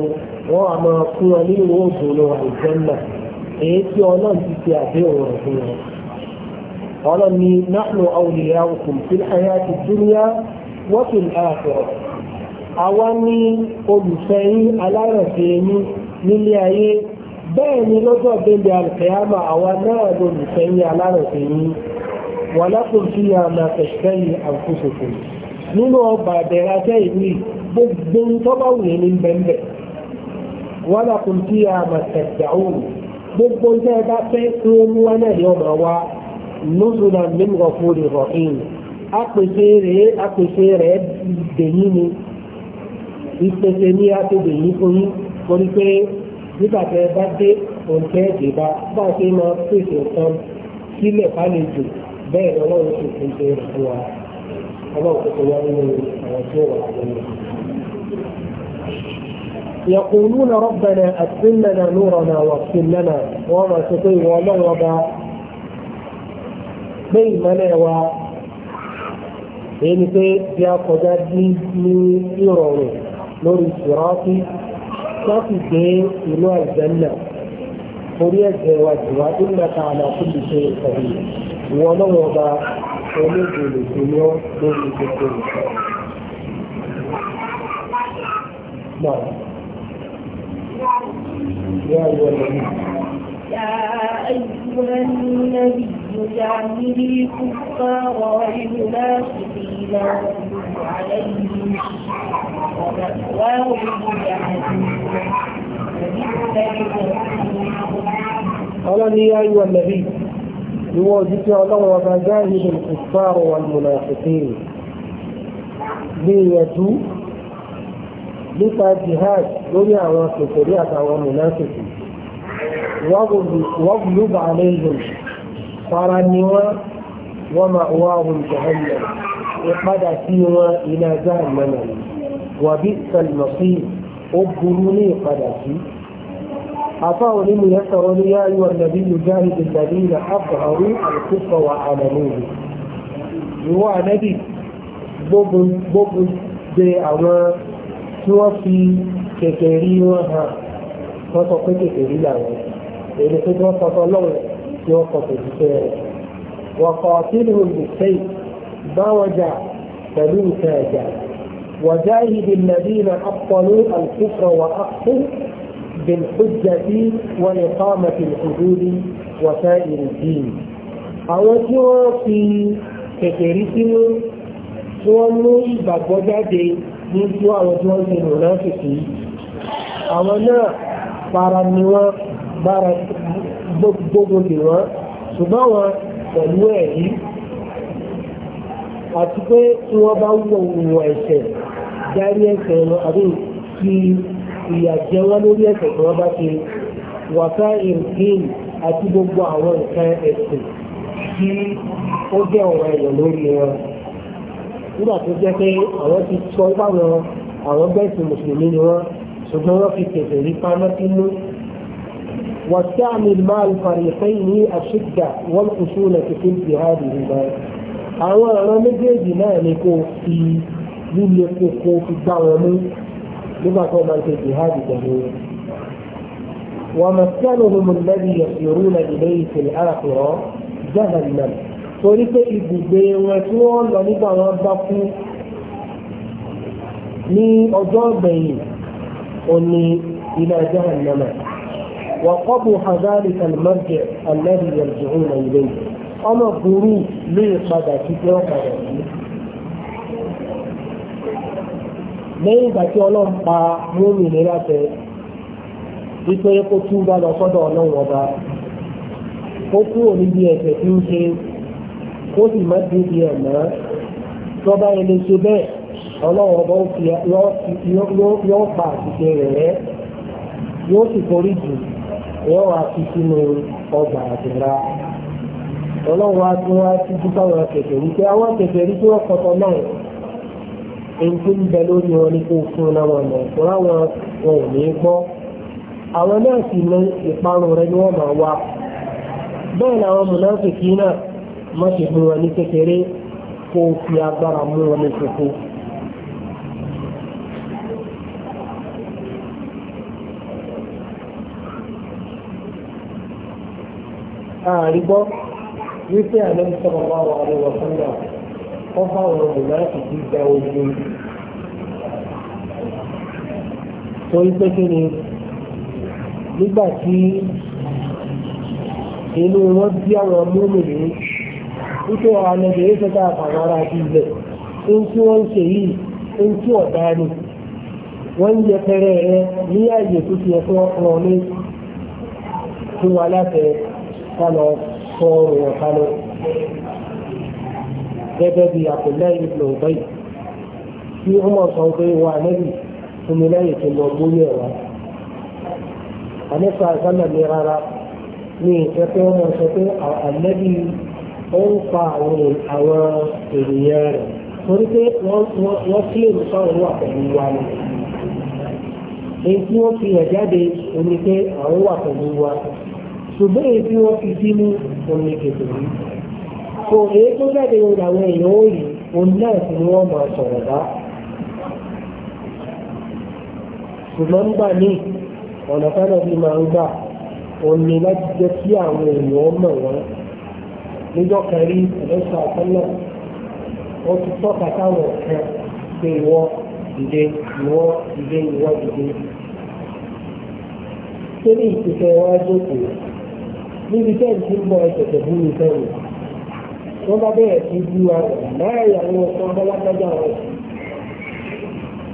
wọ́n á máa fún ọ nínú èyí tí ọlọ́run ti fi àdéhùn rẹ̀ fún ọlọ́run ni nahnu awliyaukum fil hayati dunya wa fil akhirah. àwa ní olùfẹ́ yín alárẹ̀fẹ́ yín nílé ayé bẹ́ẹ̀ ni lọ́jọ́ gbẹ́lẹ̀ àwa náà yín yín nínú ọba àbẹ̀rẹ̀ ajẹ́ ìlú gbogbo tó bá wù ní bẹ́ẹ̀ wọ́n là kún sí àmàtẹ̀dà òun gbogbo tẹ́ ẹ bá fẹ́ kí ó mú wá náà ní ọmọ wa nùsùlà mímọ fún ìrọ̀hìn apèsè rẹ̀ apèsè rẹ̀ dèyí ni ìpèsè ní akéde yìí fún torí pé nígbà tẹ́ bá dé òǹtẹ́ ìdìbà bá a ṣe máa pèsè nǹkan sílẹ̀ fálejò bẹ́ẹ̀ lọ́wọ́ oṣù يقولون ربنا أتم لنا نورنا واغفر لنا وما تطيع ومن وضع بين مناوى èyí pé bí a kọjá ní ìrọ̀rùn lórí ìṣòrọ́tí láti gbé ìlú àìjẹ́nà orí ẹ̀jẹ̀ wa jùlọ nígbàtà àlàkùnlé ṣe ìkọ̀wé ìwọ náà wọ́n bá olóògbèrè tó ní ọ́ lórí gbogbo ìṣọ́. Náà, yá ìwọ lẹ́nu. يا أيها النبي جاهد الكفار والمنافقين واغلب عليهم ومأواهم جهنم وبئس المصير. قال يا أيها النبي ìwọ òjíṣẹ́ ọlọ́run ọba jáhìlì ìfàrọ̀ wà mùnàfíkìrì gbìyànjú nípa jihad lórí àwọn kòkòrí àtàwọn mùnàfíkì wọ́gbùlùbà àlejò fara ni wọ́n wọ́n máa wá ohun jahannam ìpadà sí wọn iná jahannam wàbí salmasí ó burú ní ìpadà sí. عطاء لمن يسر يا ايها النبي جاهد الذين اظهروا الكفر وعلموه هو نبي بوبل بوبل دي اما توفي كتيري وها فتوفي كتيري لها إلى فترة تطلعوا يوقف الكتير وقاتلهم بالسيف بوجع فلو تاجع وجاهد الذين أبطلوا الكفر وأخفوا بالحجة وإقامة الحدود وسائر الدين àwọn في كثيرين fi kẹ̀kẹ̀rí sínú tí wọ́n mú ìgbàgbọ́ jáde ní tí àwọn tí wọ́n ti rò lásìkò àwọn náà para ni wọ́n bára gbogbo dè wọ́n ṣùgbọ́n wọn pẹ̀lú ẹ̀rí àti pé tí wọ́n bá wọ ẹ̀ṣẹ̀ dárí ẹ̀ṣẹ̀ wọn àbí kí ìyà jẹ wọ́n lórí ẹ̀ṣẹ̀ tí wọ́n bá ṣe wàsá ìrìn àti gbogbo àwọn nǹkan ẹ̀sìn tí ó jẹ́ ọ̀rọ̀ ẹ̀yàn lórí wọn nígbà tó jẹ́ pé àwọn ti sọ fáwọn àwọn gbẹ̀sìn mùsùlùmí ni wọ́n ṣùgbọ́n wọ́n fi tètè rí pamọ́ sínú واستعمل مع الفريقين الشدة والخشونة في الجهاد هما àwọn ọ̀rọ̀ méjèèjì náà ni kò fi líle kókó fi gbá wọn mú nígbà tó máa ń ṣe ومسكنهم الذي يسيرون إليه في الآخرة جهنم torí pé ibùgbé wọn tí wọ́n lọ nígbà wọn bá kú ní ọjọ́ ìgbẹ̀yìn òní ilé jahannama wà kọ́bù hazari kalmarjẹ alẹ́rìí yẹn jùlọ ilé ọmọ burú lè padà sí pé ó lẹ́yìn ìgbà tí ọlọ́run pa lórí ìlera tẹ wípé kó túbà lọ sọ́dọ̀ ọlọ́run ọba ó kúrò níbi ẹ̀ṣẹ̀ tí ń ṣe ó sì má di tọ́ba ṣe bẹ́ẹ̀ ọlọ́run ọba yóò pa àṣìṣe rẹ̀ rẹ́ yóò sì forí jù yóò wá fi sínú ọgbà àdúrà ọlọ́run wá tún wá sí dúpọ̀ wípé àwọn rí èyí tó ń bẹ lórí wọn ni kó fún un láwọn ọ̀nà ìfún àwọn wọn ò ní gbọ́ àwọn náà sì ní ìparun rẹ ni wọ́n máa wá bẹ́ẹ̀ làwọn mùnáfìkì náà má ṣe fún wọn ní kékeré kó fi agbára mú wọn ní kókó. àrígbọ́ wípé àlẹ́ ń sọ̀rọ̀ báwọn àríwọ̀ fún náà. wọ́n bá wọn lò láti fi gba ogun torí pé kí ni nígbà tí inú wọn bí àwọn múlùmí wípé ànàbẹ̀ yìí fẹ́ta àtàwọn ti ilẹ̀ ohun tí wọ́n ń ṣe yìí ohun tí ọ̀dá ni wọ́n ń yẹpẹrẹ rẹ ní àyè tó ti yẹ kí wọ́n ní gẹ́gẹ́ bí Abdullahi ibn Ubay tí Umar sọ pé wà nẹ́bí fún mi lẹ́yìn tó lọ gbóyè wa. ànífà sánà mi rárá ní ìfẹ́ pé Umar sọ pé ànẹ́bí ó ń pa àwọn ènìyàn rẹ̀ torí pé wọ́n kílè ní sọ́run wà pẹ̀lú wa ni. èyí tí wọ́n fi hàn jáde omi pé àwọn wà pẹ̀lú wa ṣùgbọ́n èyí tí wọ́n fi sínú omi kètò yìí àsìkò èyí tó jáde ìròyìn àwọn èèyàn ó yìí òun náà sì ni wọ́n máa sọ̀rọ̀ bá. ṣùgbọ́n nígbà míì ọ̀nà kan náà fi máa ń gbà òun ni láti jẹ́ kí àwọn èèyàn mọ̀ wọ́n níjọ́ kan rí ẹ̀lẹ́sà àtọ́nà ó ti tọ́ka táwọn ọ̀kan pé ìwọ ìdè ìwọ ìdè ìwọ ìdè. Sẹ́ni ìpìtẹ́ wá jókòó níbi tẹ́ǹtì ń bọ̀ ẹ̀ṣẹ̀ṣẹ̀ fún mi sẹ́yìn tó bá bẹ̀rẹ̀ sí ju àgbáyà ìyàwó ọ̀sán ọ̀dọ́lágbájá rẹ̀.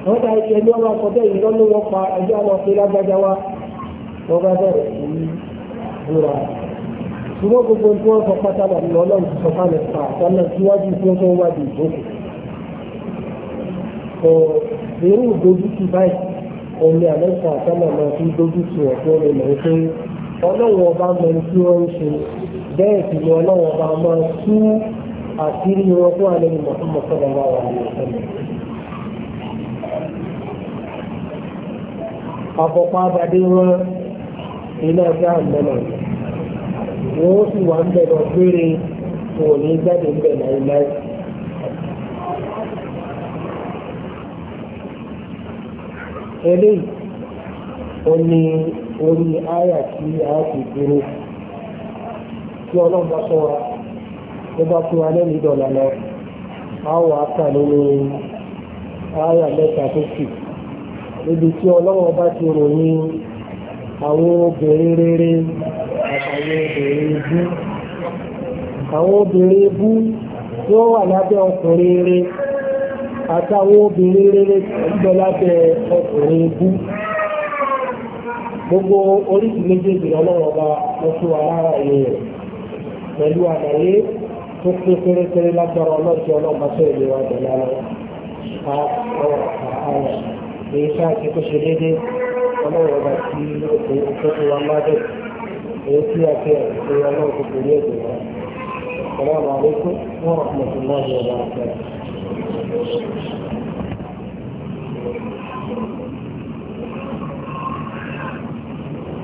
wọ́n ta ẹsẹ̀ ní ọmọ akọ́tẹ́ yìí lọ́nà wọn pa ẹjọ́ àwọn ọ̀sẹ̀ lágbájá wa wọ́n bá bẹ̀rẹ̀ sí búra. ṣùgbọ́n gbogbo tí wọ́n sọ pátá wà ní ọlọ́run ti sọ fáwọn ẹ̀ka àtàlẹ́ síwájú tí wọ́n tó wá di ìdókò. sọ èrú ìdójútì báyìí omi àlẹ́sà bẹ́ẹ̀ sì ni ọlọ́run ọba máa tú àṣírí wọn fún àlejò mọ̀túnmọ̀ sọ́dọ̀ wà wà ní ọ̀sẹ̀. àpọ̀pọ̀ abàdé wọn iná ọjà àmọ́nà wọn ó sì wà ń bẹ̀ lọ gbére ní jáde ń bẹ̀ láéláé. eléyìí ó ní orí àyà tí a ti dúró tí ọlọ́run bá sọ wa ló bá fún wa lẹ́nu lọ a wà á kà nínú ààyà mẹ́ta tó kù níbi tí ọlọ́run bá ti ròyìn àwọn obìnrin rere àtàwọn obìnrin ibú àwọn obìnrin ibú tí ó wà lábẹ́ ọkùnrin rere àtàwọn obìnrin rere gbogbo méjèèjì ọba lọ́sùn wa pẹ̀lú àlàyé tó pé pérépéré lágbára ọlọ́ọ̀tí ọlọ́ọ̀bá tó ìlú wa dẹ̀ lálẹ́ àárọ̀ èyí sáàkì tó ṣe déédé ọlọ́wọ́ bá tí ó tó tó wa má dẹ̀ èyí tí a fẹ́ ṣe ọlọ́ọ̀ tó kò ní èdè wa. Assalamu alaikum wa rahmatullahi wa barakatuh.